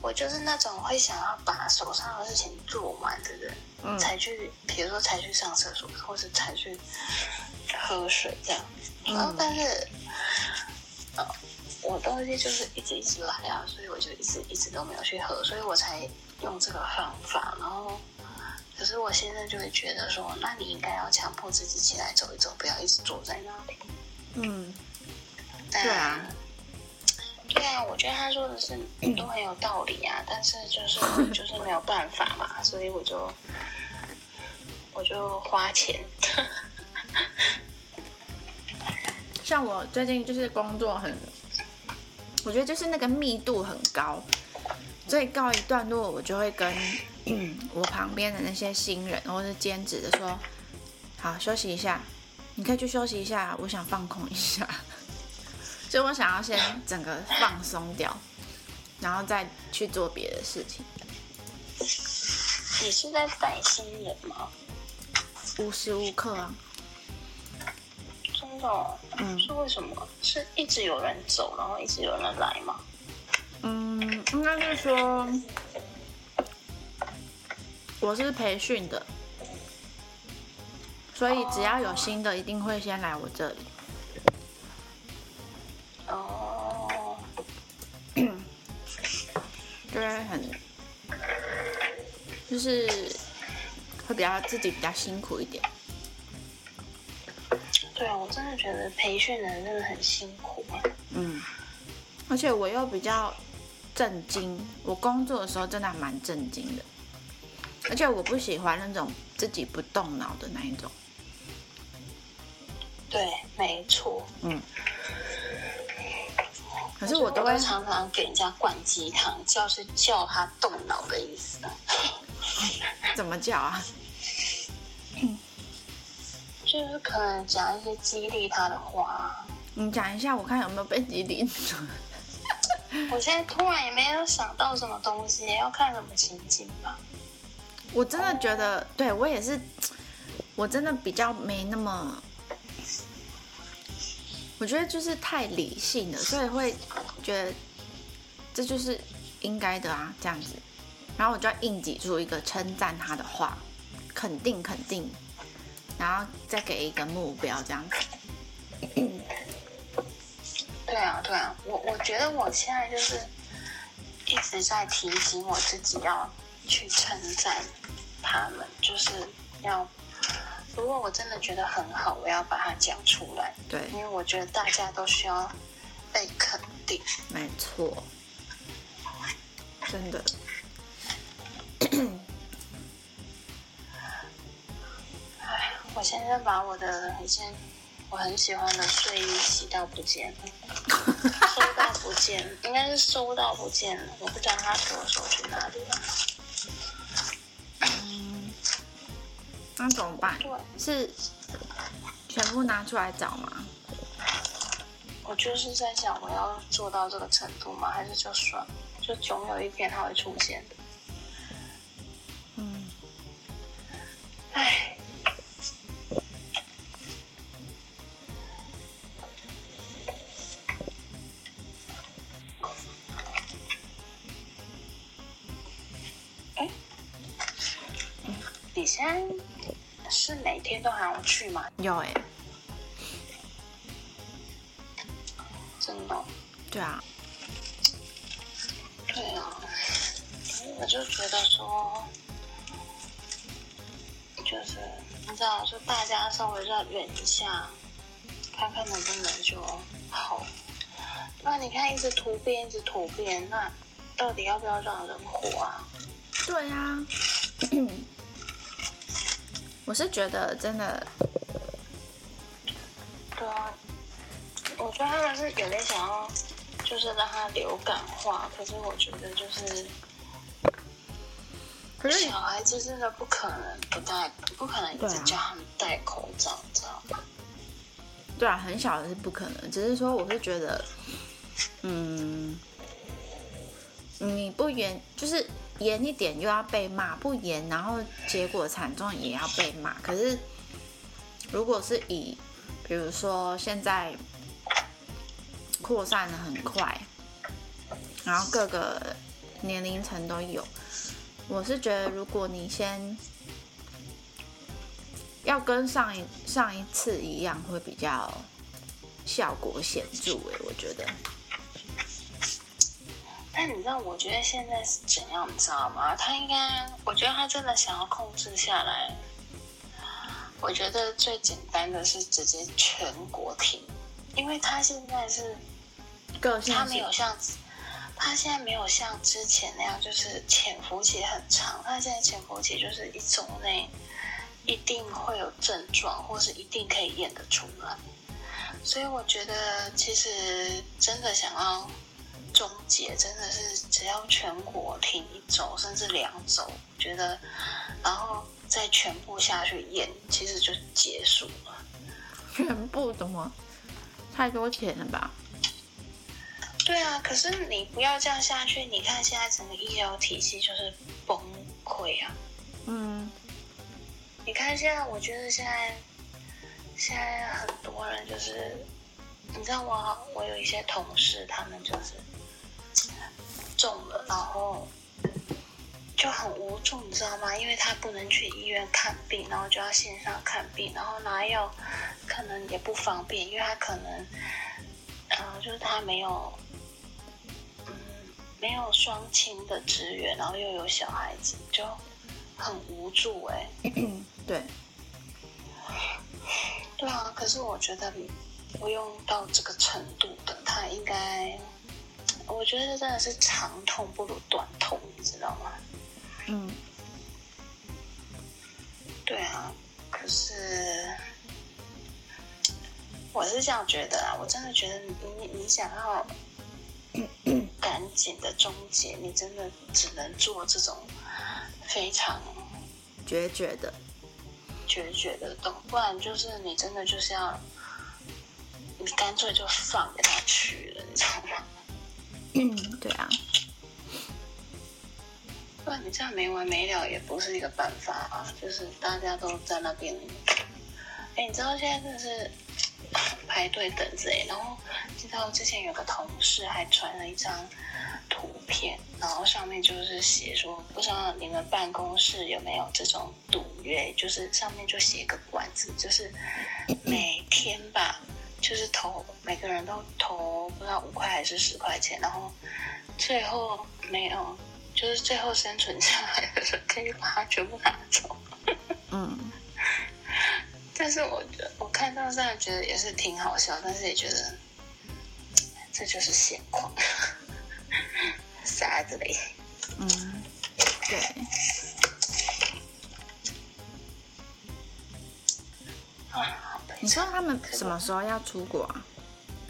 我就是那種會想要把手上的事情做完、這個、的、嗯、人，才去，比如說才去上廁所，或是才去喝水這樣。嗯、然後，但是、哦，我東西就是一直一直來啊，所以我就一直一直都沒有去喝，所以我才用這個方法。然後。可是我現在就會覺得說，那你應該要強迫自己起來走一走，不要一直坐在那裡。嗯。對啊。對啊，我覺得他說的是、嗯、都很有道理啊，但是就是就是沒有辦法嘛， 所以我就我就花錢。 像我最近就是工作很，我覺得就是那個密度很高，所以告一段落我就會跟。嗯，我旁邊的那些新人，或是兼職的說，說好休息一下，你可以去休息一下，我想放空一下， 所以我想要先整個放鬆掉，然後再去做別的事情。你是在帶新人嗎？無時無刻啊。真的哦？嗯。是為什麼？是一直有人走，然後一直有人來嗎？嗯，應該是說。我是培訓的，所以只要有新的，oh. 一定會先來我這裡。哦，對，很，就是會比較自己比較辛苦一點。對啊，我真的覺得培訓的人真的很辛苦啊。嗯，而且我又比較震驚，我工作的時候真的還蠻震驚的。而且我不喜歡那種自己不動腦的那一種。對，沒錯。嗯。可是我都會常常給人家灌雞湯，就是叫他動腦的意思、啊。怎麼叫啊？就是可能講一些激勵他的話、啊。你講一下，我看有沒有被激勵。 我現在突然也沒有想到什麼東西，要看什麼情景吧。我真的覺得，對我也是，我真的比較沒那麼，我覺得就是太理性了，所以會覺得這就是應該的啊，這樣子。然後我就要硬擠出一個稱讚他的話，肯定肯定，然後再給一個目標，這樣子。對啊，對啊，我我覺得我現在就是一直在提醒我自己要。去稱讚他們，就是要如果我真的覺得很好，我要把它講出來。對，因為我覺得大家都需要被肯定。沒錯，真的。哎 我現在把我的一件我很喜歡的睡衣洗到不見了，收到不見， 應該是收到不見了，我不知道他給我收去哪裡了。那怎麼辦？對，是全部拿出來找嗎？我就是在想，我要做到這個程度嗎？還是就算了，就總有一天它會出現的。嗯。哎。哎，底下。是每天都還要去嗎？有誒、欸。真的，對啊，對啊，嗯、我就覺得說，就是你知道，就大家稍微再忍一下，看看能不能就好。那你看一邊，一直突變，一直突變，那到底要不要讓人活啊？對呀、啊。 我是覺得真的，對啊，我覺得他們是有點想要，就是讓他流感化。可是我覺得就是，可是小孩子真的不可能不戴，不可能一直叫他們戴口罩，啊、知道嗎？對啊，很小的是不可能。只是說，我是覺得，嗯，你不嚴就是。嚴一點又要被罵，不嚴，然後結果慘重也要被罵。可是如果是以，比如說現在擴散得很快，然後各個年齡層都有，我是覺得如果你先要跟上一上一次一樣，會比較效果顯著誒，我覺得。但你知道，我覺得現在是怎樣，你知道嗎？他應該，我覺得他真的想要控制下來。我覺得最簡單的是直接全國停，因為他現在是，他沒有像，他現在沒有像之前那樣，就是潛伏期很長。他現在潛伏期就是一周內一定會有症狀，或是一定可以驗得出來。所以我覺得，其實真的想要。終結真的是，只要全國停一周，甚至兩周，覺得，然後再全部下去驗，其實就結束了。全部懂嗎？太多錢了吧？對啊，可是你不要這樣下去，你看現在整個醫療體系就是崩潰啊。嗯。你看現在，我覺得現在，現在很多人就是，你知道嗎，我有一些同事，他們就是。重了，然後就很無助，你知道嗎？因為他不能去醫院看病，然後就要線上看病，然後拿藥可能也不方便，因為他可能、呃，就是他沒有，嗯，沒有雙親的支援，然後又有小孩子，就很無助、欸。哎，對，對啊。可是我覺得不用到這個程度的，他應該。我覺得這真的是長痛不如短痛，你知道嗎？嗯，對啊。可是我是這樣覺得啊，我真的覺得你你，你想要趕緊的終結，你真的只能做這種非常決絕的、決絕的動，不然就是你真的就是要，你乾脆就放給他去了，你知道嗎？嗯，對啊，不然你這樣沒完沒了也不是一個辦法啊。就是大家都在那邊，哎，你知道現在就是排隊等着，哎。然後你知道之前有個同事還傳了一張圖片，然後上面就是寫說，不知道你們辦公室有沒有這種賭約，就是上面就寫一個“管”字，就是每天吧。 就是投，每個人都投，不知道五塊還是十塊錢，然後最後沒有，就是最後生存下來的時候，可以把它全部拿走。嗯， 但是我覺得我看到這樣覺得也是挺好笑，但是也覺得這就是現況，傻 子嘞。嗯，對。 啊你說他們什麼時候要出國啊？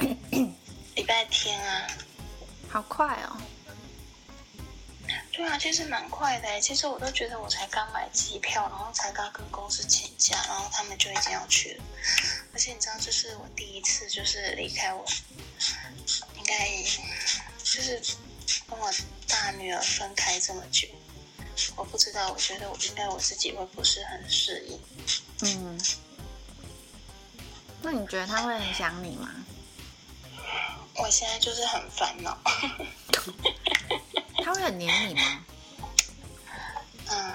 禮 拜天啊，好快哦！對啊，其實蠻快的。其實我都覺得，我才剛買機票，然後才剛跟公司請假，然後他們就已經要去了。而且你知道，這是我第一次，就是離開我，應該就是跟我大女兒分開這麼久。我不知道，我覺得我應該我自己會不是很適應。嗯。那你覺得他會很想你嗎？我現在就是很煩惱。他會很黏你嗎？嗯，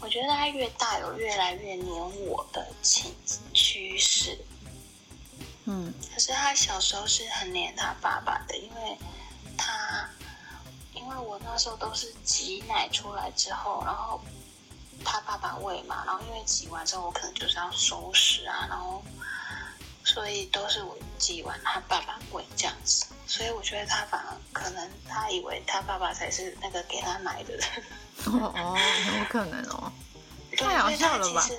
我覺得他越大有越來越黏我的趨趨勢。嗯。可是他小時候是很黏他爸爸的，因為他因為我那時候都是擠奶出來之後，然後。他爸爸餵嘛，然後因為擠完之後，我可能就是要收拾啊，然後所以都是我擠完，他爸爸餵這樣子，所以我覺得他反而可能他以為他爸爸才是那個給他奶的人。哦哦，有可能哦。 對，太好笑了吧，因為他其實，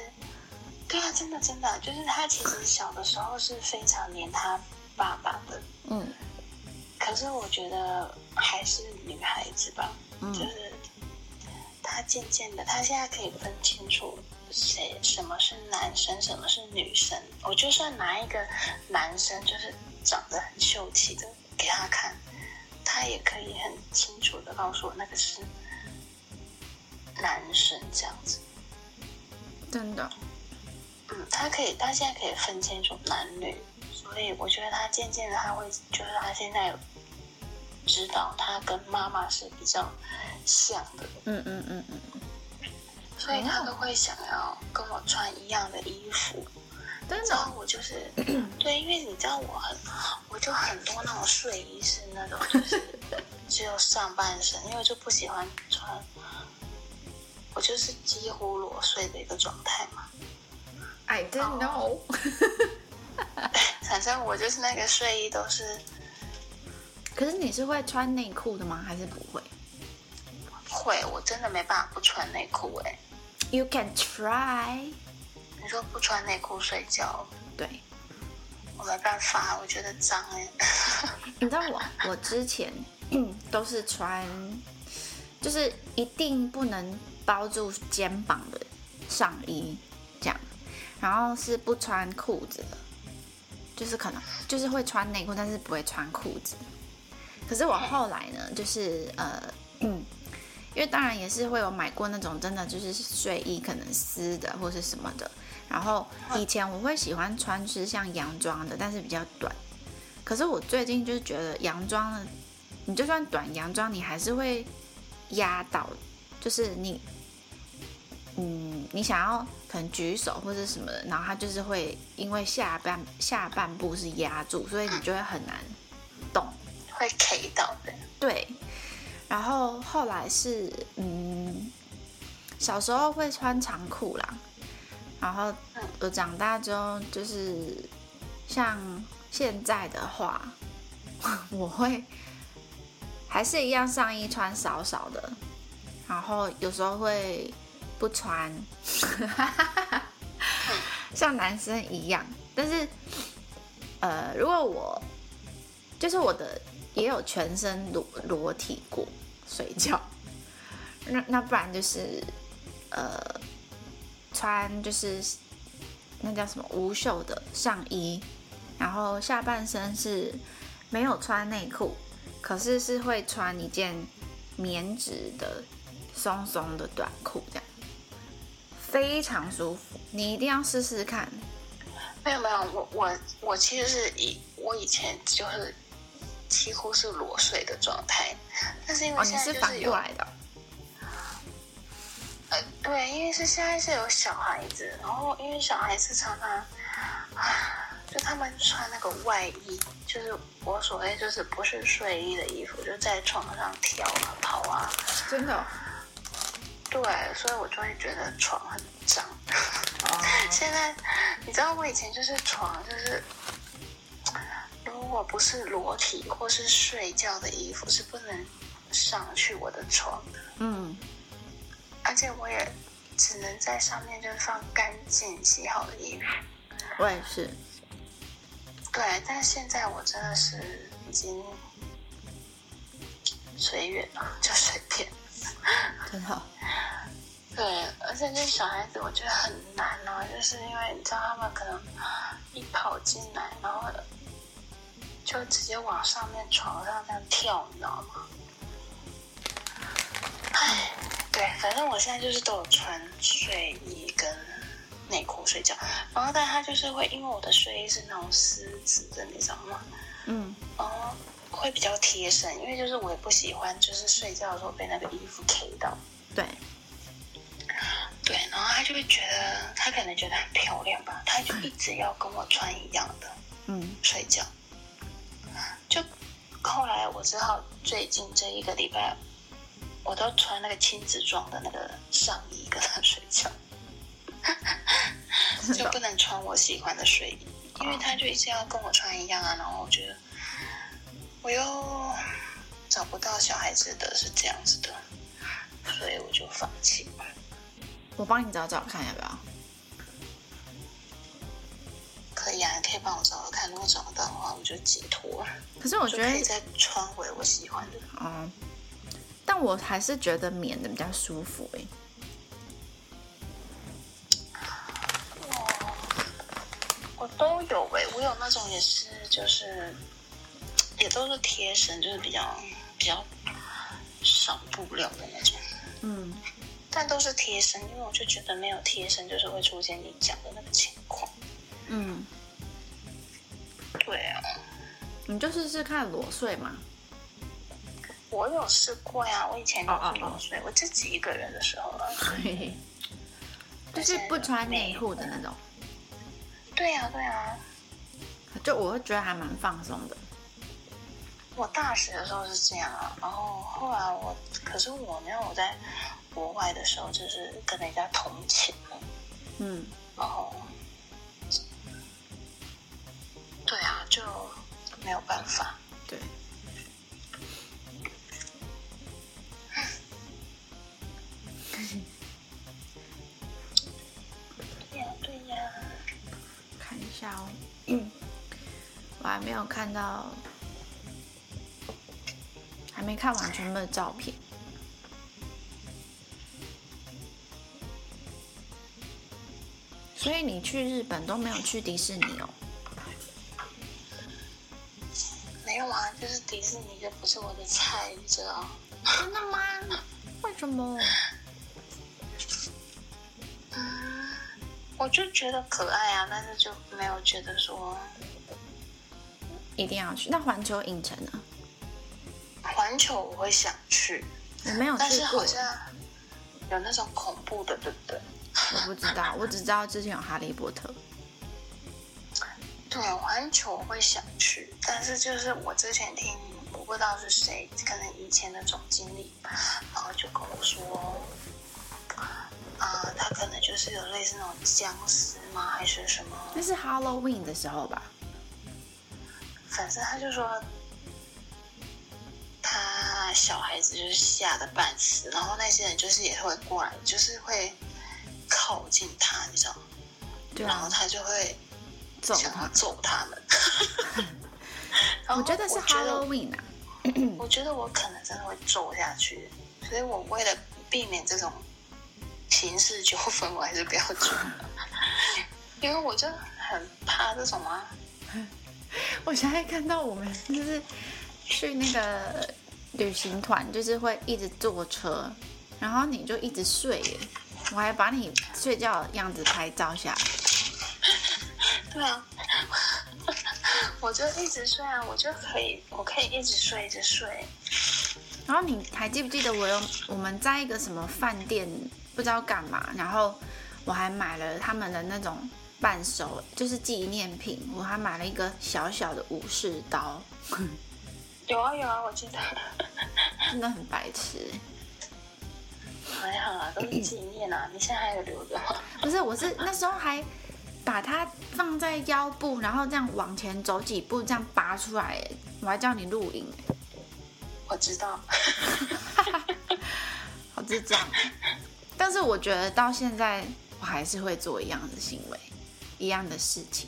對啊，真的真的，就是他其實小的時候是非常黏他爸爸的。嗯。可是我覺得還是女孩子吧，就是。嗯他漸漸的，他現在可以分清楚誰什麼是男生，什麼是女生。我就算拿一個男生，就是長得很秀氣的給他看，他也可以很清楚的告訴我那個是男生這樣子。真的，嗯，他可以，他現在可以分清楚男女，所以我覺得他漸漸的他會，就是他現在知道他跟媽媽是比較。像的，嗯嗯嗯嗯，所以他都會想要跟我穿一樣的衣服的，然後我就是，對，因為你知道我很，我就很多那種睡衣是那種就是、 只有上半身，因為就不喜歡穿，我就是幾乎裸睡的一個狀態嘛。I don't know， 反正我就是那個睡衣都是。可是你是會穿內褲的嗎？還是不會？會，我真的沒辦法不穿內褲哎。You can try。你說不穿內褲睡覺？對，我沒辦法，我覺得髒哎、欸。 你知道我，我之前、嗯、都是穿，就是一定不能包住肩膀的上衣，這樣，然後是不穿褲子的，就是可能就是會穿內褲，但是不會穿褲子。可是我後來呢，就是呃嗯。因為當然也是會有買過那種真的就是睡衣，可能絲的或是什麼的。然後以前我會喜歡穿，是像洋裝的，但是比較短。可是我最近就是覺得洋裝，你就算短洋裝，你還是會壓到，就是你，嗯，你想要可能舉手或者什麼的，然後它就是會因為下半下半部是壓住，所以你就會很難動，會卡到的。對。然後後來是，嗯，小時候會穿長褲啦，然後我長大之後就是像現在的話，我會還是一樣，上衣穿少少的，然後有時候會不穿， 像男生一樣。但是，呃，如果我就是我的。也有全身裸裸體過睡覺，那那不然就是，呃，穿就是那叫什麼無袖的上衣，然後下半身是沒有穿內褲，可是是會穿一件棉質的鬆鬆的短褲，這樣非常舒服，你一定要試試看。沒有沒有，我我我其實是以我以前就是。幾乎是裸睡的狀態，但是因為現在就是有、哦，你是反過來的，呃，對，因為是現在是有小孩子，然後因為小孩子常常，常，就他們穿那個外衣，就是我所謂就是不是睡衣的衣服，就在床上跳啊跑啊，真的，對，所以我就會覺得床很髒。 uh -huh. 現在你知道我以前就是床就是。我不是裸體，或是睡覺的衣服是不能上去我的床的。嗯，而且我也只能在上面，就是放乾淨洗好的衣服。我也是。對，但現在我真的是已經隨緣了，就隨便。 真好。對，而且這小孩子我覺得很難啊，就是因為你知道他們可能一跑進來，然後。就直接往上面床上這樣跳，你知道嗎？哎、oh.，對，反正我現在就是都有穿睡衣跟內褲睡覺，然後但他就是會因為我的睡衣是那種絲質的，你知道嗎？Mm. 嗯，會比較貼身，因為就是我也不喜歡就是睡覺的時候被那個衣服 K 到。對、mm.，對，然後他就會覺得他可能覺得很漂亮吧，他就一直要跟我穿一樣的，嗯，睡覺。Mm. 就後來，我知道最近這一個禮拜，我都穿那個親子裝的那個上衣跟他睡覺，就不能穿我喜歡的睡衣，因為他就一直要跟我穿一樣啊。然後我覺得我又找不到小孩子的是這樣子的，所以我就放棄吧。我幫你找找看要不要？可以啊，你可以幫我找找看，如果找不到的話，我就解脫。可是我覺得可以再穿回我喜歡的。嗯。但我還是覺得棉的比較舒服誒、欸。我我都有誒、欸，我有那種也是就是，也都是貼身，就是比較比較少不了的那種。嗯，但都是貼身，因為我就覺得沒有貼身，就是會出現你講的那個情況。嗯，對啊，你就試試看裸睡嘛。我有試過呀，我以前就是裸睡，我自己一個人的時候了。 就是不穿內褲的那種。對呀，對呀。就我會覺得還蠻放鬆的。我大學的時候是這樣啊，然後後來我，可是我沒有我在國外的時候，就是跟人家同寢。嗯，然後。就沒有辦法，對。對呀對呀，看一下哦，我還沒有看到，還沒看完全部的照片。所以你去日本都沒有去迪士尼哦？就是迪士尼就不是我的菜，你知道？真的嗎？為什麼？我就覺得可愛啊，但是就沒有覺得說一定要去。那環球影城呢？環球我會想去，我沒有去，但是好像有那種恐怖的，對不對？我不知道，我只知道之前有《哈利波特》。對，環球我會想去。但是就是我之前聽，我不知道是誰，可能以前的總經理，然後就跟我說，啊、呃，他可能就是有類似那種僵屍嗎，還是什麼？那是 Halloween 的時候吧。反正他就說，他小孩子就是嚇得半死，然後那些人就是也會過來，就是會靠近他，你知道嗎？對，然後他就會揍他，揍他們。 我覺，哦、我覺得是 Halloween 啊，我覺得我可能真的會坐下去， 所以我為了避免這種刑事糾紛，我還是不要坐了， 因為我就很怕這種嗎、啊？我現在看到我們就是去那個旅行團，就是會一直坐車，然後你就一直睡，我還把你睡覺的樣子拍照下來，對啊。我就一直睡啊，我就可以，我可以一直睡一直睡。然後你還記不記得我有我們在一個什麼飯店不知道幹嘛？然後我還買了他們的那種伴手，就是紀念品。我還買了一個小小的武士刀。有啊有啊，我記得。 真的很白痴。還好啊，都是紀念啊，嗯、你現在還有留着。不是，我是那時候還。把它放在腰部，然後這樣往前走幾步，這樣拔出來。我還叫你錄影，我知道， 好智障。但是我覺得到現在，我還是會做一樣的行為，一樣的事情。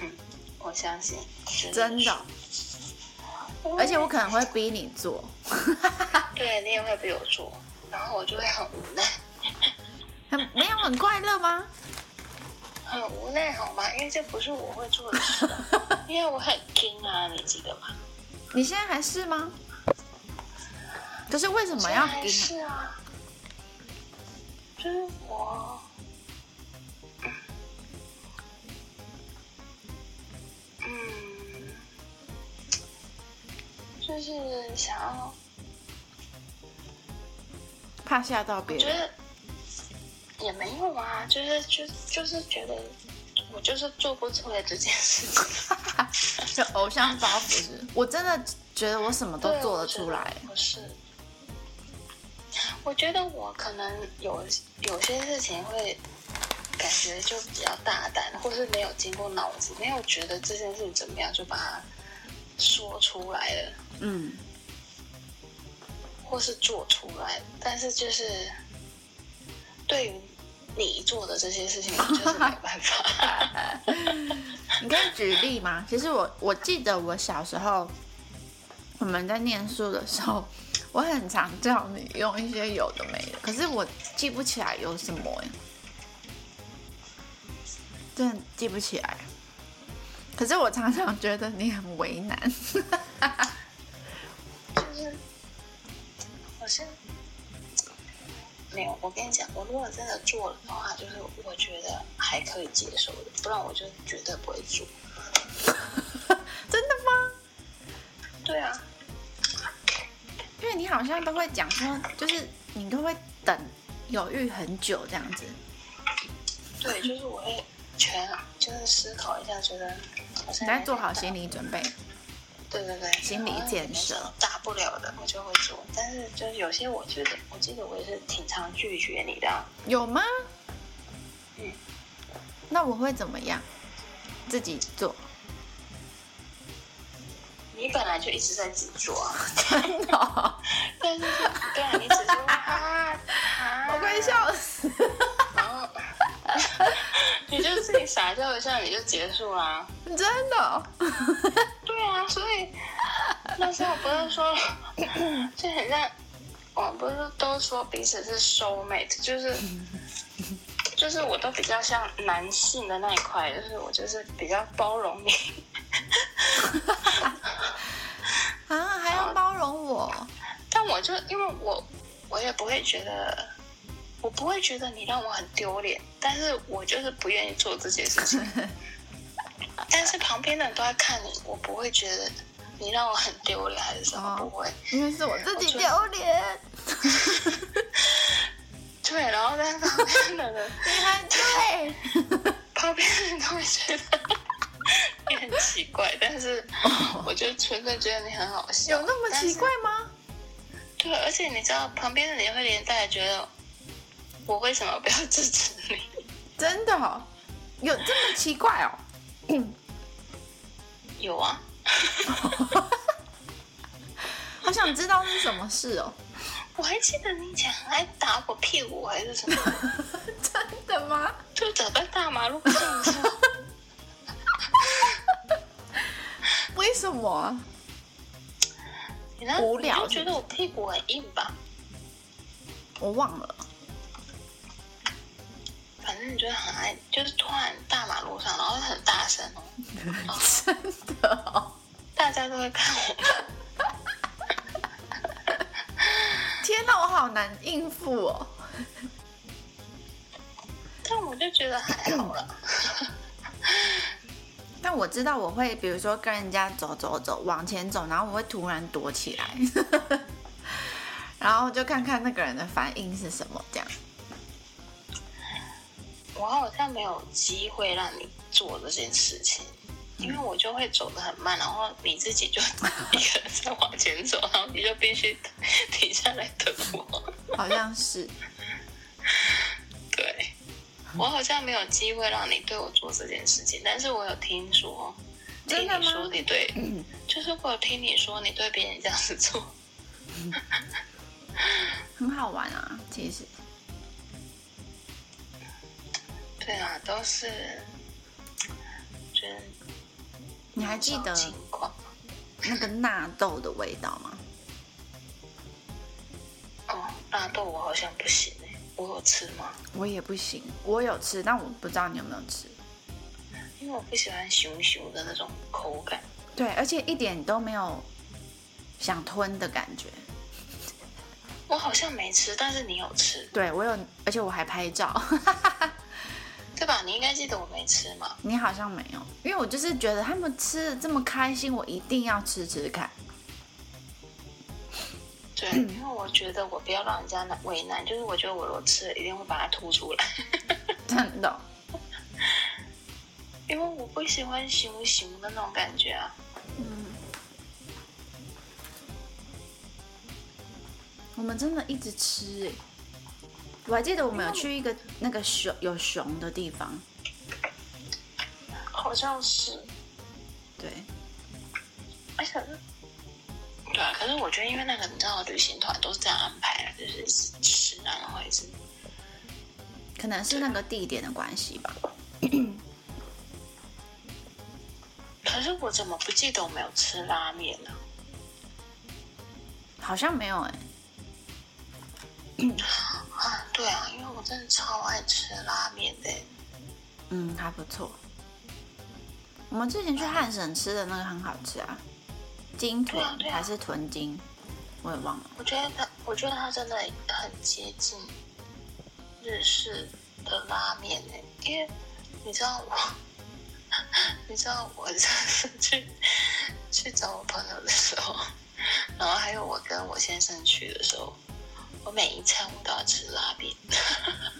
嗯，我相信，真的。而且我可能會逼你做， 對，你也會逼我做，然後我就會很無奈。很 沒有很快樂嗎？很無奈，好嗎？因為這不是我會做的事的，因為我很驚啊，你記得嗎？你現在還是嗎？可是為什麼要驚？還是啊。就是我，嗯，就是想要怕嚇到別人。也沒有啊，就是就就是覺得我就是做不出來這件事情，就偶像包袱是。 我真的覺得我什麼都做得出來，不是？我覺得我可能有有些事情會感覺就比較大膽，或是沒有經過腦子，沒有覺得這件事怎麼樣，就把它說出來了，嗯，或是做出來，但是就是對於。你做的這些事情就是沒辦法。 你可以舉例嗎？其實我我記得我小時候，我們在念書的時候，我很常叫你用一些有的沒的，可是我記不起來有什麼，真的記不起來。可是我常常覺得你很為難， 就是沒有，我跟你講，我如果真的做了的話，就是我覺得還可以接受的，不然我就絕對不會做。 真的嗎？對啊，因為你好像都會講說，就是你都會等猶豫很久這樣子。對，就是我會全就是思考一下，覺得。你在做好心理準備。對對對，心理建設、啊、大不了的，我就會做。但是就是有些，我覺得，我記得我也是挺常拒絕你的。有嗎？嗯。那我會怎麼樣？嗯、自己做。你本來就一直在自己做。真的。但是你本來就一直在做啊！我快笑死。 你就自己傻笑一下， 你就結束啦。真的哦？ 對啊，所以那時候我不是說，就很像，我們不是都說彼此是 soulmate，就是就是我都比較像男性的那一塊，就是我就是比較包容你。 啊，還要包容我？但我就因為我，我也不會覺得。我不會覺得你讓我很丟臉，但是我就是不願意做這些事情。 但是旁邊的人都在看你，我不會覺得你讓我很丟臉，還是什麼、哦、不會？因為是我自己丟臉。嗯、 對，然後在旁邊的人， 你還對，對 旁邊的人都會覺得你 很奇怪，但是 我就純粹覺得你很好笑。有那麼奇怪嗎？對，而且你知道，旁邊的人會連帶覺得。我為什麼不要支持你？真的、哦？有這麼奇怪哦？嗯、有啊，好 想知道是什麼事哦。我還記得你以前愛打我屁股還是什麼？ 真的嗎？就走在大馬路上。 為什麼？那你那無聊就覺得我屁股很硬吧？我忘了。反正你覺得很愛，就是突然大馬路上，然後很大聲、 哦，真的、哦，大家都會看我 天哪，我好難應付哦。但我就覺得還好了 但我知道我會，比如說跟人家走走走，往前走，然後我會突然躲起來， 然後就看看那個人的反應是什麼，這樣。我好像沒有機會讓你做這件事情，嗯、因為我就會走得很慢，然後你自己就一個人在往前走， 然後你就必須停下來等我。好像是，對，嗯、我好像沒有機會讓你對我做這件事情，但是我有聽說，聽你說你對、嗯，就是我有聽你說你對別人這樣子做、嗯，很好玩啊，其實。對啊，都是。就你還記得那個納豆的味道嗎？哦，納豆我好像不行哎、欸，我有吃嗎？我也不行，我有吃，但我不知道你有沒有吃，因為我不喜歡熊熊的那種口感。對，而且一點都沒有想吞的感覺。我好像沒吃，但是你有吃。對，我有，而且我還拍照。 對吧？你應該記得我沒吃嘛？你好像沒有，因為我就是覺得他們吃的這麼開心，我一定要吃吃看。對， 因為我覺得我不要讓人家難為難，就是我覺得我如果吃了一定會把它吐出來。 真的、哦，因為我不喜歡腥腥的那種感覺啊。嗯。我們真的一直吃哎。我還記得我們有去一個那個熊有熊的地方，好像是，對，而且，對啊，可是我覺得因為那個你知道，旅行團都是這樣安排，就是是那種還是，可能是那個地點的關係吧。可是我怎麼不記得我沒有吃拉麵呢？好像沒有哎、欸。嗯、啊，對啊，因為我真的超愛吃拉麵的。嗯，還不錯。我們之前去漢神吃的那個很好吃啊，筋豚，啊啊、還是豚筋，我也忘了。我覺得它，我覺得它真的很接近日式的拉麵誒，因為你知道我，你知道我上次去去找我朋友的時候，然後還有我跟我先生去的時候。我每一餐我都要吃拉麵，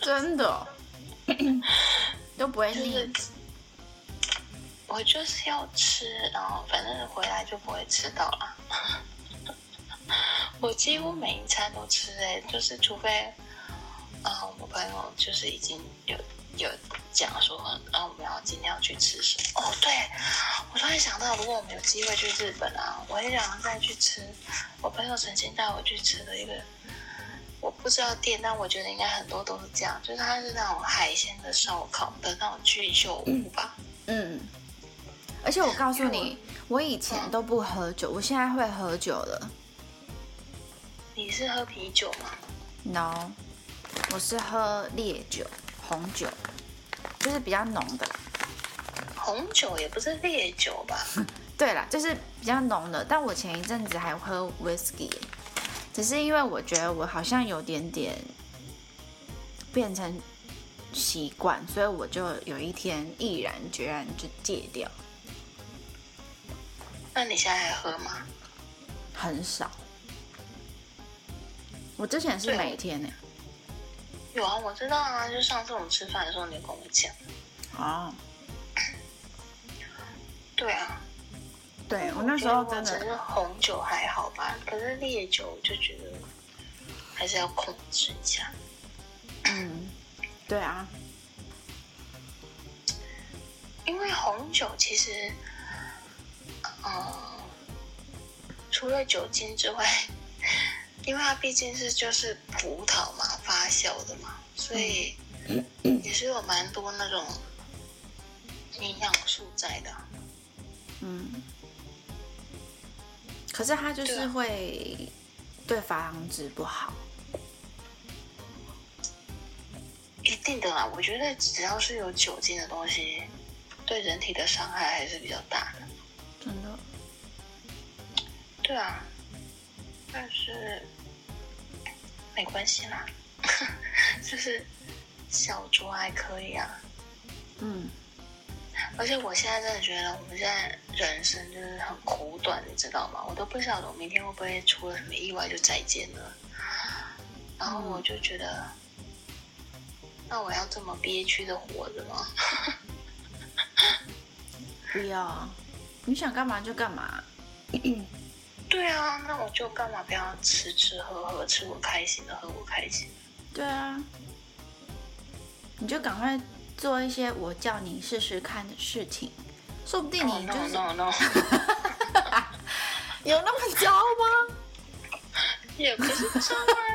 真的，哦，都不會膩， 就是。我就是要吃，然後反正回來就不會吃到啦。 我幾乎每一餐都吃，誒，就是除非，啊，呃，我朋友就是已經有有講說，然，呃，我們要今天要去吃什麼？哦，對，我突然想到，如果我們有機會去日本啊，我也想要再去吃我朋友曾經帶我去吃的一個。我不知道店，但我覺得應該很多都是這樣，就是它是那種海鮮的燒烤的那種居酒屋吧嗯。嗯，而且我告訴你我，我以前都不喝酒、嗯，我現在會喝酒了。你是喝啤酒嗎？No，我是喝烈酒，紅酒，就是比較濃的。紅酒也不是烈酒吧。 對啦，就是比較濃的，但我前一陣子還喝 Whisky。只是因為我覺得我好像有點點變成習慣，所以我就有一天毅然決然就戒掉。那你現在還喝嗎？很少。我之前是每天呢、欸。有啊，我知道啊，就上次我們吃飯的時候你跟我講。哦、啊。對啊。對，我那時候真的是紅酒還好吧，可是烈酒就覺得還是要控制一下。嗯，對啊，因為紅酒其實，呃，除了酒精之外，因為它畢竟是就是葡萄嘛，發酵的嘛，所以也是有蠻多那種營養素在的。嗯。嗯嗯嗯可是它就是會對房子不好。啊，一定的啦。我覺得只要是有酒精的東西，對人體的傷害還是比較大的。真的，對啊，但是沒關係啦，就 是，是小酌還可以啊。嗯。而且我現在真的覺得，我們現在人生就是很苦短，你知道嗎？我都不曉得我明天會不會出了什麼意外就再見了。然後我就覺得，那我要這麼憋屈的活着嗎？不 要，你想幹嘛就幹嘛。嗯，對啊，那我就幹嘛？不要吃吃喝喝，吃我開心的，喝我開心。對啊，你就趕快。做一些我叫你試試看的事情，說不定你就是、no, no, no, no. 有那麼驕傲嗎？也不是、啊、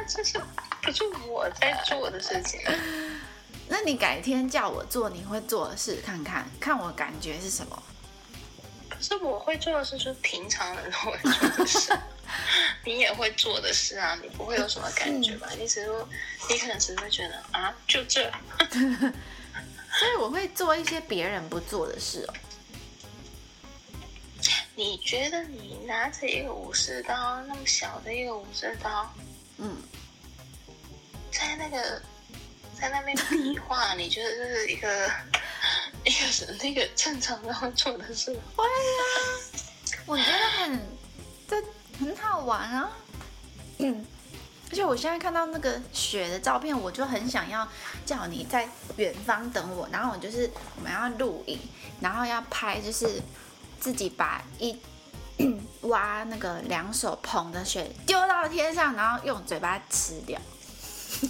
這就是不是我在做的事情。 那你改天叫我做你會做的事，看看看我感覺是什麼？可是我會做的事是，是平常人都會做的事， 你也會做的事啊，你不會有什麼感覺吧？你只是你可能只是會覺得啊，就這。 所以我會做一些別人不做的事哦。你覺得你拿着一個武士刀，那麼小的一個武士刀，嗯，在那個在那邊比劃，你覺得這是一個 一個是那個正常人會做的事？會啊，我覺得很這 很好玩啊。嗯。而且我現在看到那個雪的照片，我就很想要叫你在遠方等我，然後我就是我們要錄影，然後要拍，就是自己把一挖那個兩手捧的雪丟到天上，然後用嘴巴吃掉。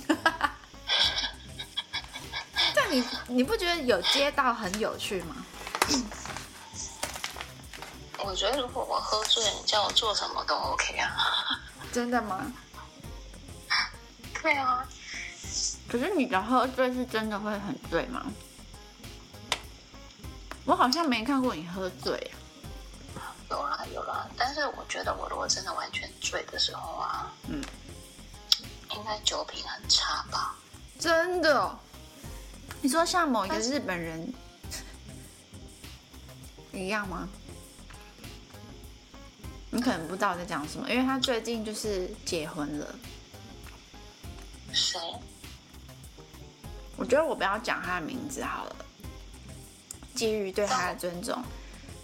但你你不覺得有街道很有趣嗎？我覺得如果我喝醉，你叫我做什麼都 OK 啊。真的嗎？對啊，可是你的喝醉是真的會很醉嗎？我好像沒看過你喝醉啊。有啦有啦，但是我覺得我如果真的完全醉的時候啊，嗯，應該酒品很差吧？真的？你說像某一個日本人一樣嗎？你可能不知道我在講什麼，嗯，因為他最近就是結婚了。誰？我覺得我不要講他的名字好了，基於對他的尊重。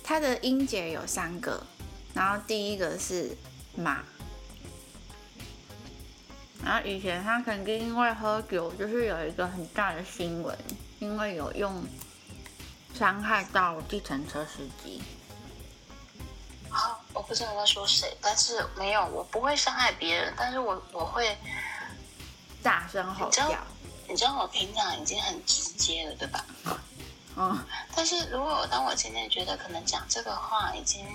他的音節有三個，然後第一個是馬。然後以前他肯定因為喝酒，就是有一個很大的新聞，因為有用傷害到計程車司機。好，我不知道在說誰，但是沒有，我不會傷害別人，但是我我會。大聲吼叫，你知道我平常已經很直接了，對吧？嗯、哦，但是如果我當我今天覺得可能講這個話已經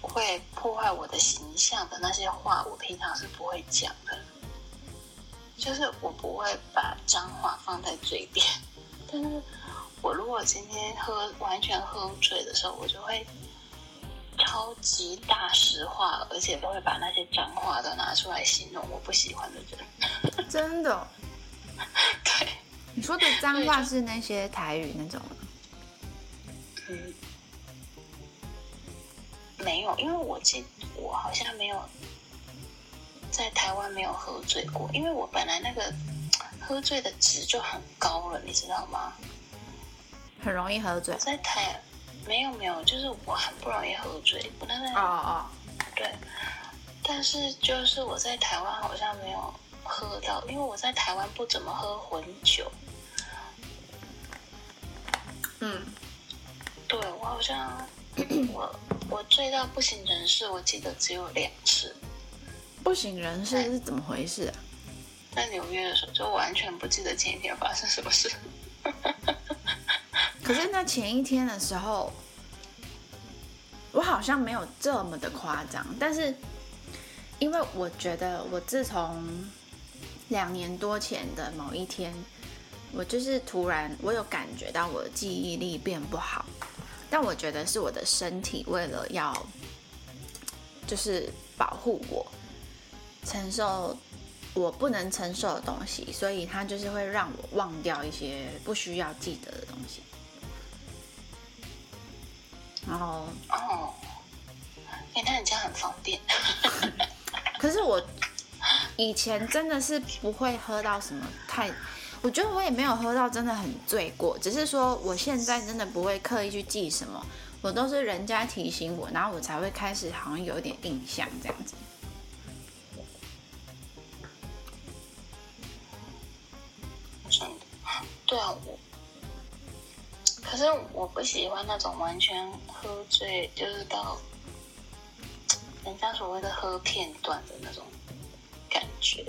會破壞我的形象的那些話，我平常是不會講的。就是我不會把髒話放在嘴邊，但是我如果今天喝完全喝醉的時候，我就會。超級大實話，而且都會把那些髒話都拿出來形容我不喜歡的人。真的、哦， 對，你說的髒話是那些台語那種嗎？嗯，沒有，因為我記，我好像沒有在台灣沒有喝醉過，因為我本來那個喝醉的值就很高了，你知道嗎？很容易喝醉。我在台。沒有沒有，就是我很不容易喝醉，我那那、哦哦哦，對，但是就是我在台灣好像沒有喝到，因為我在台灣不怎麼喝混酒。嗯，對，我好像咳咳我我醉到不省人事，我記得只有兩次。不省人事是怎麼回事、啊？在、哎、紐約的時候就完全不記得前一天發生什麼事。是 可是那前一天的時候，我好像沒有這麼的誇張。但是，因為我覺得我自從兩年多前的某一天，我就是突然我有感覺到我的記憶力變不好。但我覺得是我的身體為了要，就是保護我，承受我不能承受的東西，所以它就是會讓我忘掉一些不需要記得的東西。然後哦，你看人家很方便，可是我以前真的是不會喝到什麼太，我覺得我也沒有喝到真的很醉過，只是說我現在真的不會刻意去記什麼，我都是人家提醒我，然後我才會開始好像有點印象這樣子。可是我不喜歡那種完全喝醉，就是到人家所謂的喝片段的那種感覺，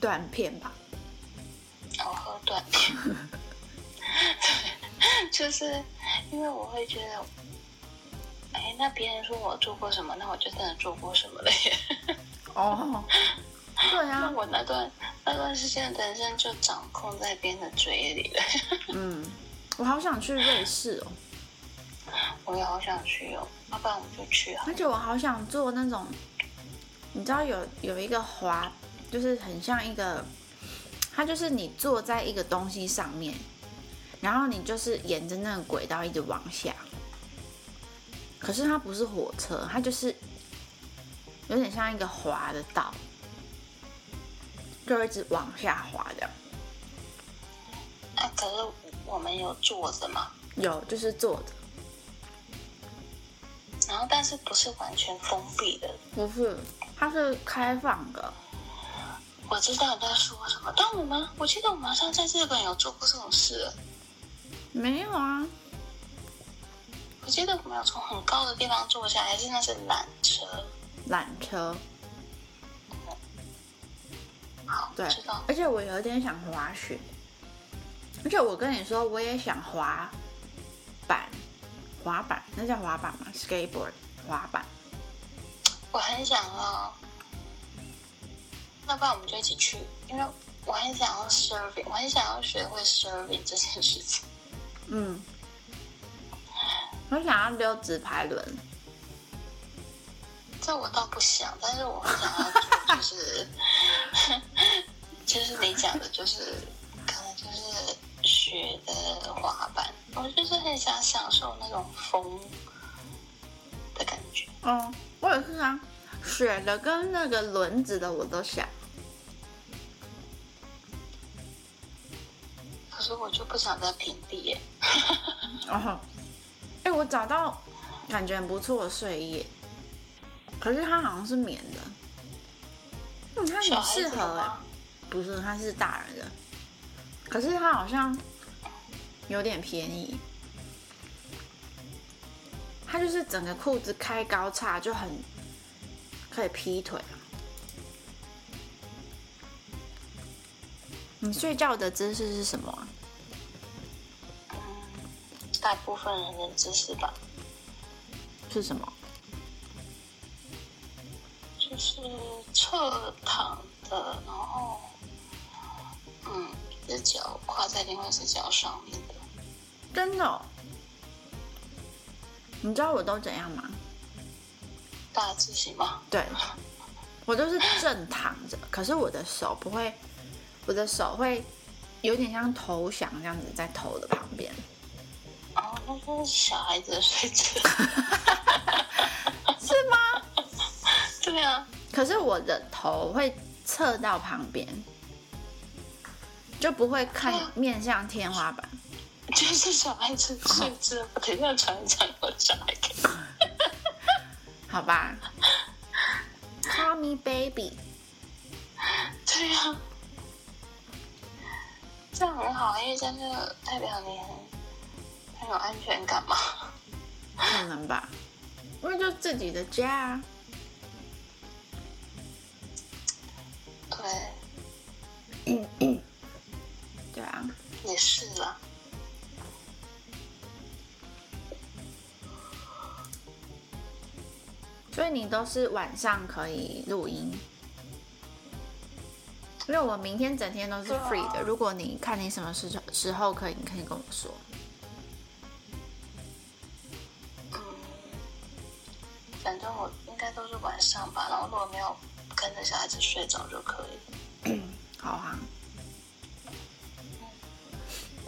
斷片吧？我、哦、喝斷片， 就是因為我會覺得，哎，那別人說我做過什麼，那我就真的做過什麼了耶。哦、 oh,，oh, oh. 對啊，那我那段那段時間的人生就掌控在別人的嘴裡了。 嗯。我好想去瑞士哦！我也好想去哦，要不然我們就去。而且我好想坐那種，你知道有有一個滑，就是很像一個，它就是你坐在一個東西上面，然後你就是沿着那個軌道一直往下。可是它不是火車，它就是有點像一個滑的道，就一直往下滑的。這樣。我們有坐着嗎？有，就是坐着。然後，但是不是完全封閉的？不是，它是開放的。我知道你在說什麼，但我們我記得我們好像在日本有做過這種事。沒有啊。我記得我們有從很高的地方坐下來，還是那是纜車。纜車。嗯、好。對。知道。而且我有點想滑雪。而且我跟你說，我也想滑板，滑板那叫滑板嗎？Skateboard，滑板。我很想要，要不然我們就一起去，因為我很想要 surfing 我很想要學會 surfing 這件事情。嗯，我想要溜直排輪，這我倒不想，但是我很想要就是 就是你講的，就是可能就是。雪的滑板，我就是很想享受那種風的感覺。嗯，我也是啊，雪的跟那個輪子的我都想，可是我就不想在平地耶。哦、 嗯，哎、欸，我找到感覺很不錯的睡衣，可是它好像是棉的，嗯，它很適合哎、欸，不是，它是大人的。可是它好像有點便宜，它就是整個褲子開高叉，就很可以劈腿。你睡覺的姿勢是什麼啊？嗯，大部分人的姿勢吧。是什麼？就是側躺的，然後，嗯。的腳跨在另外一隻腳上面的，真的哦？你知道我都怎樣嗎？大字型嗎？對，我就是正躺着， 可是我的手不會，我的手會有點像投降這樣子，在頭的旁邊。哦，那是小孩子的睡姿， 是嗎？ 對啊，可是我的頭會側到旁邊。就不會看面向天花板，就、啊、是小孩子睡姿。等一下，船長，我找一個， 好吧？Call me baby。對呀、啊，這樣很好，因為這樣就代表你很，很有安全感嘛。可 能吧？因為就自己的家、啊。對。嗯嗯對啊，也是啊。所以你都是晚上可以錄音，因為我明天整天都是 free 的。啊、如果你看你什麼時時候可以，你可以跟我說。反正我應該都是晚上吧，然後如果沒有跟着小孩子睡着就可以。 好啊。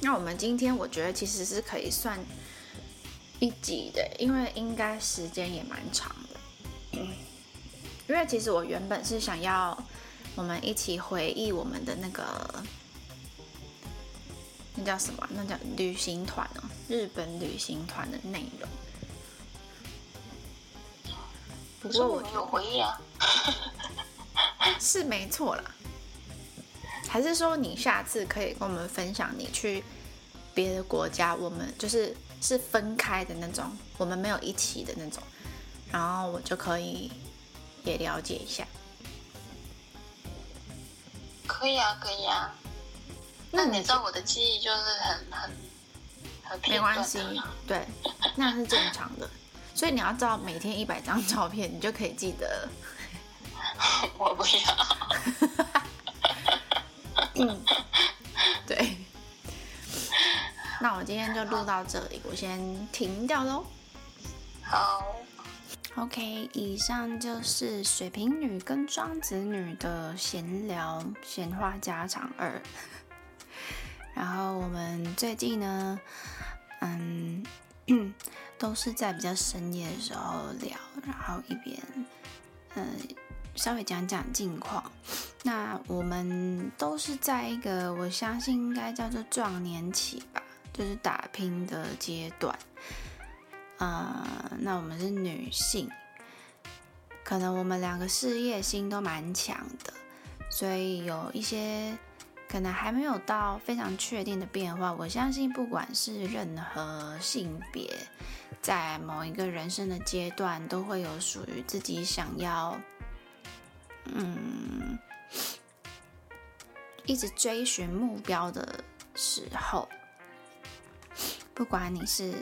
那我們今天我覺得其實是可以算一集的，因為應該時間也蠻長的。因為其實我原本是想要我們一起回憶我們的那個那叫什麼？那叫旅行團哦，日本旅行團的內容。不過我有回憶啊，是沒錯啦。還是說你下次可以跟我們分享你去別的國家，我們就是是分開的那種，我們沒有一起的那種，然後我就可以也了解一下。可以啊，可以啊。那你，你知道我的記憶就是很很很的。沒關係，對，那是正常的。所以你要照每天一百張照片，你就可以記得。我不要。嗯，對， 那我今天就錄到這裡，我先停掉嘍。好，OK，以上就是水瓶女跟雙子女的閒聊閒話家常二。 然後我們最近呢，嗯， 都是在比較深夜的時候聊，然後一邊，嗯。稍微講講近況，那我們都是在一個，我相信應該叫做壯年期吧，就是打拼的階段。呃，那我們是女性，可能我們兩個事業心都蠻強的，所以有一些可能還沒有到非常確定的變化。我相信，不管是任何性別，在某一個人生的階段，都會有屬於自己想要。嗯，一直追尋目標的時候，不管你是，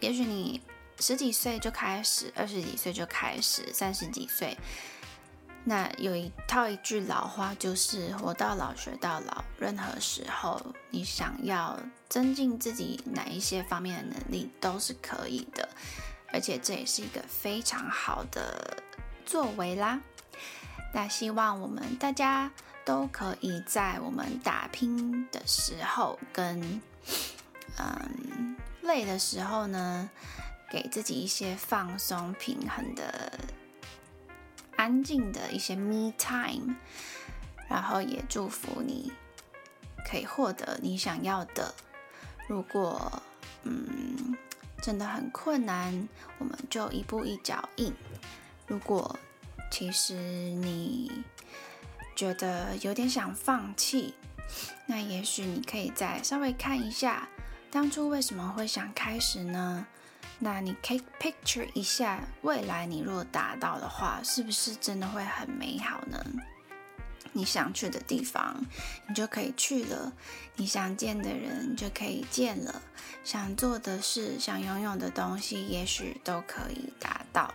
也許你十幾歲就開始，二十幾歲就開始，三十幾歲，那有一套一句老話，就是“活到老學到老”。任何時候，你想要增進自己哪一些方面的能力，都是可以的，而且這也是一個非常好的作為啦。那希望我們大家都可以在我們打拼的時候跟嗯累的時候呢，給自己一些放鬆、平衡的、安靜的一些 me time，然後也祝福你可以獲得你想要的。如果嗯真的很困難，我們就一步一腳印。如果其實你覺得有點想放棄，那也許你可以再稍微看一下當初為什麼會想開始呢？那你 take picture 一下未來你若達到的話，是不是真的會很美好呢？你想去的地方，你就可以去了；你想見的人，就可以見了；想做的事，想擁有的東西，也許都可以達到。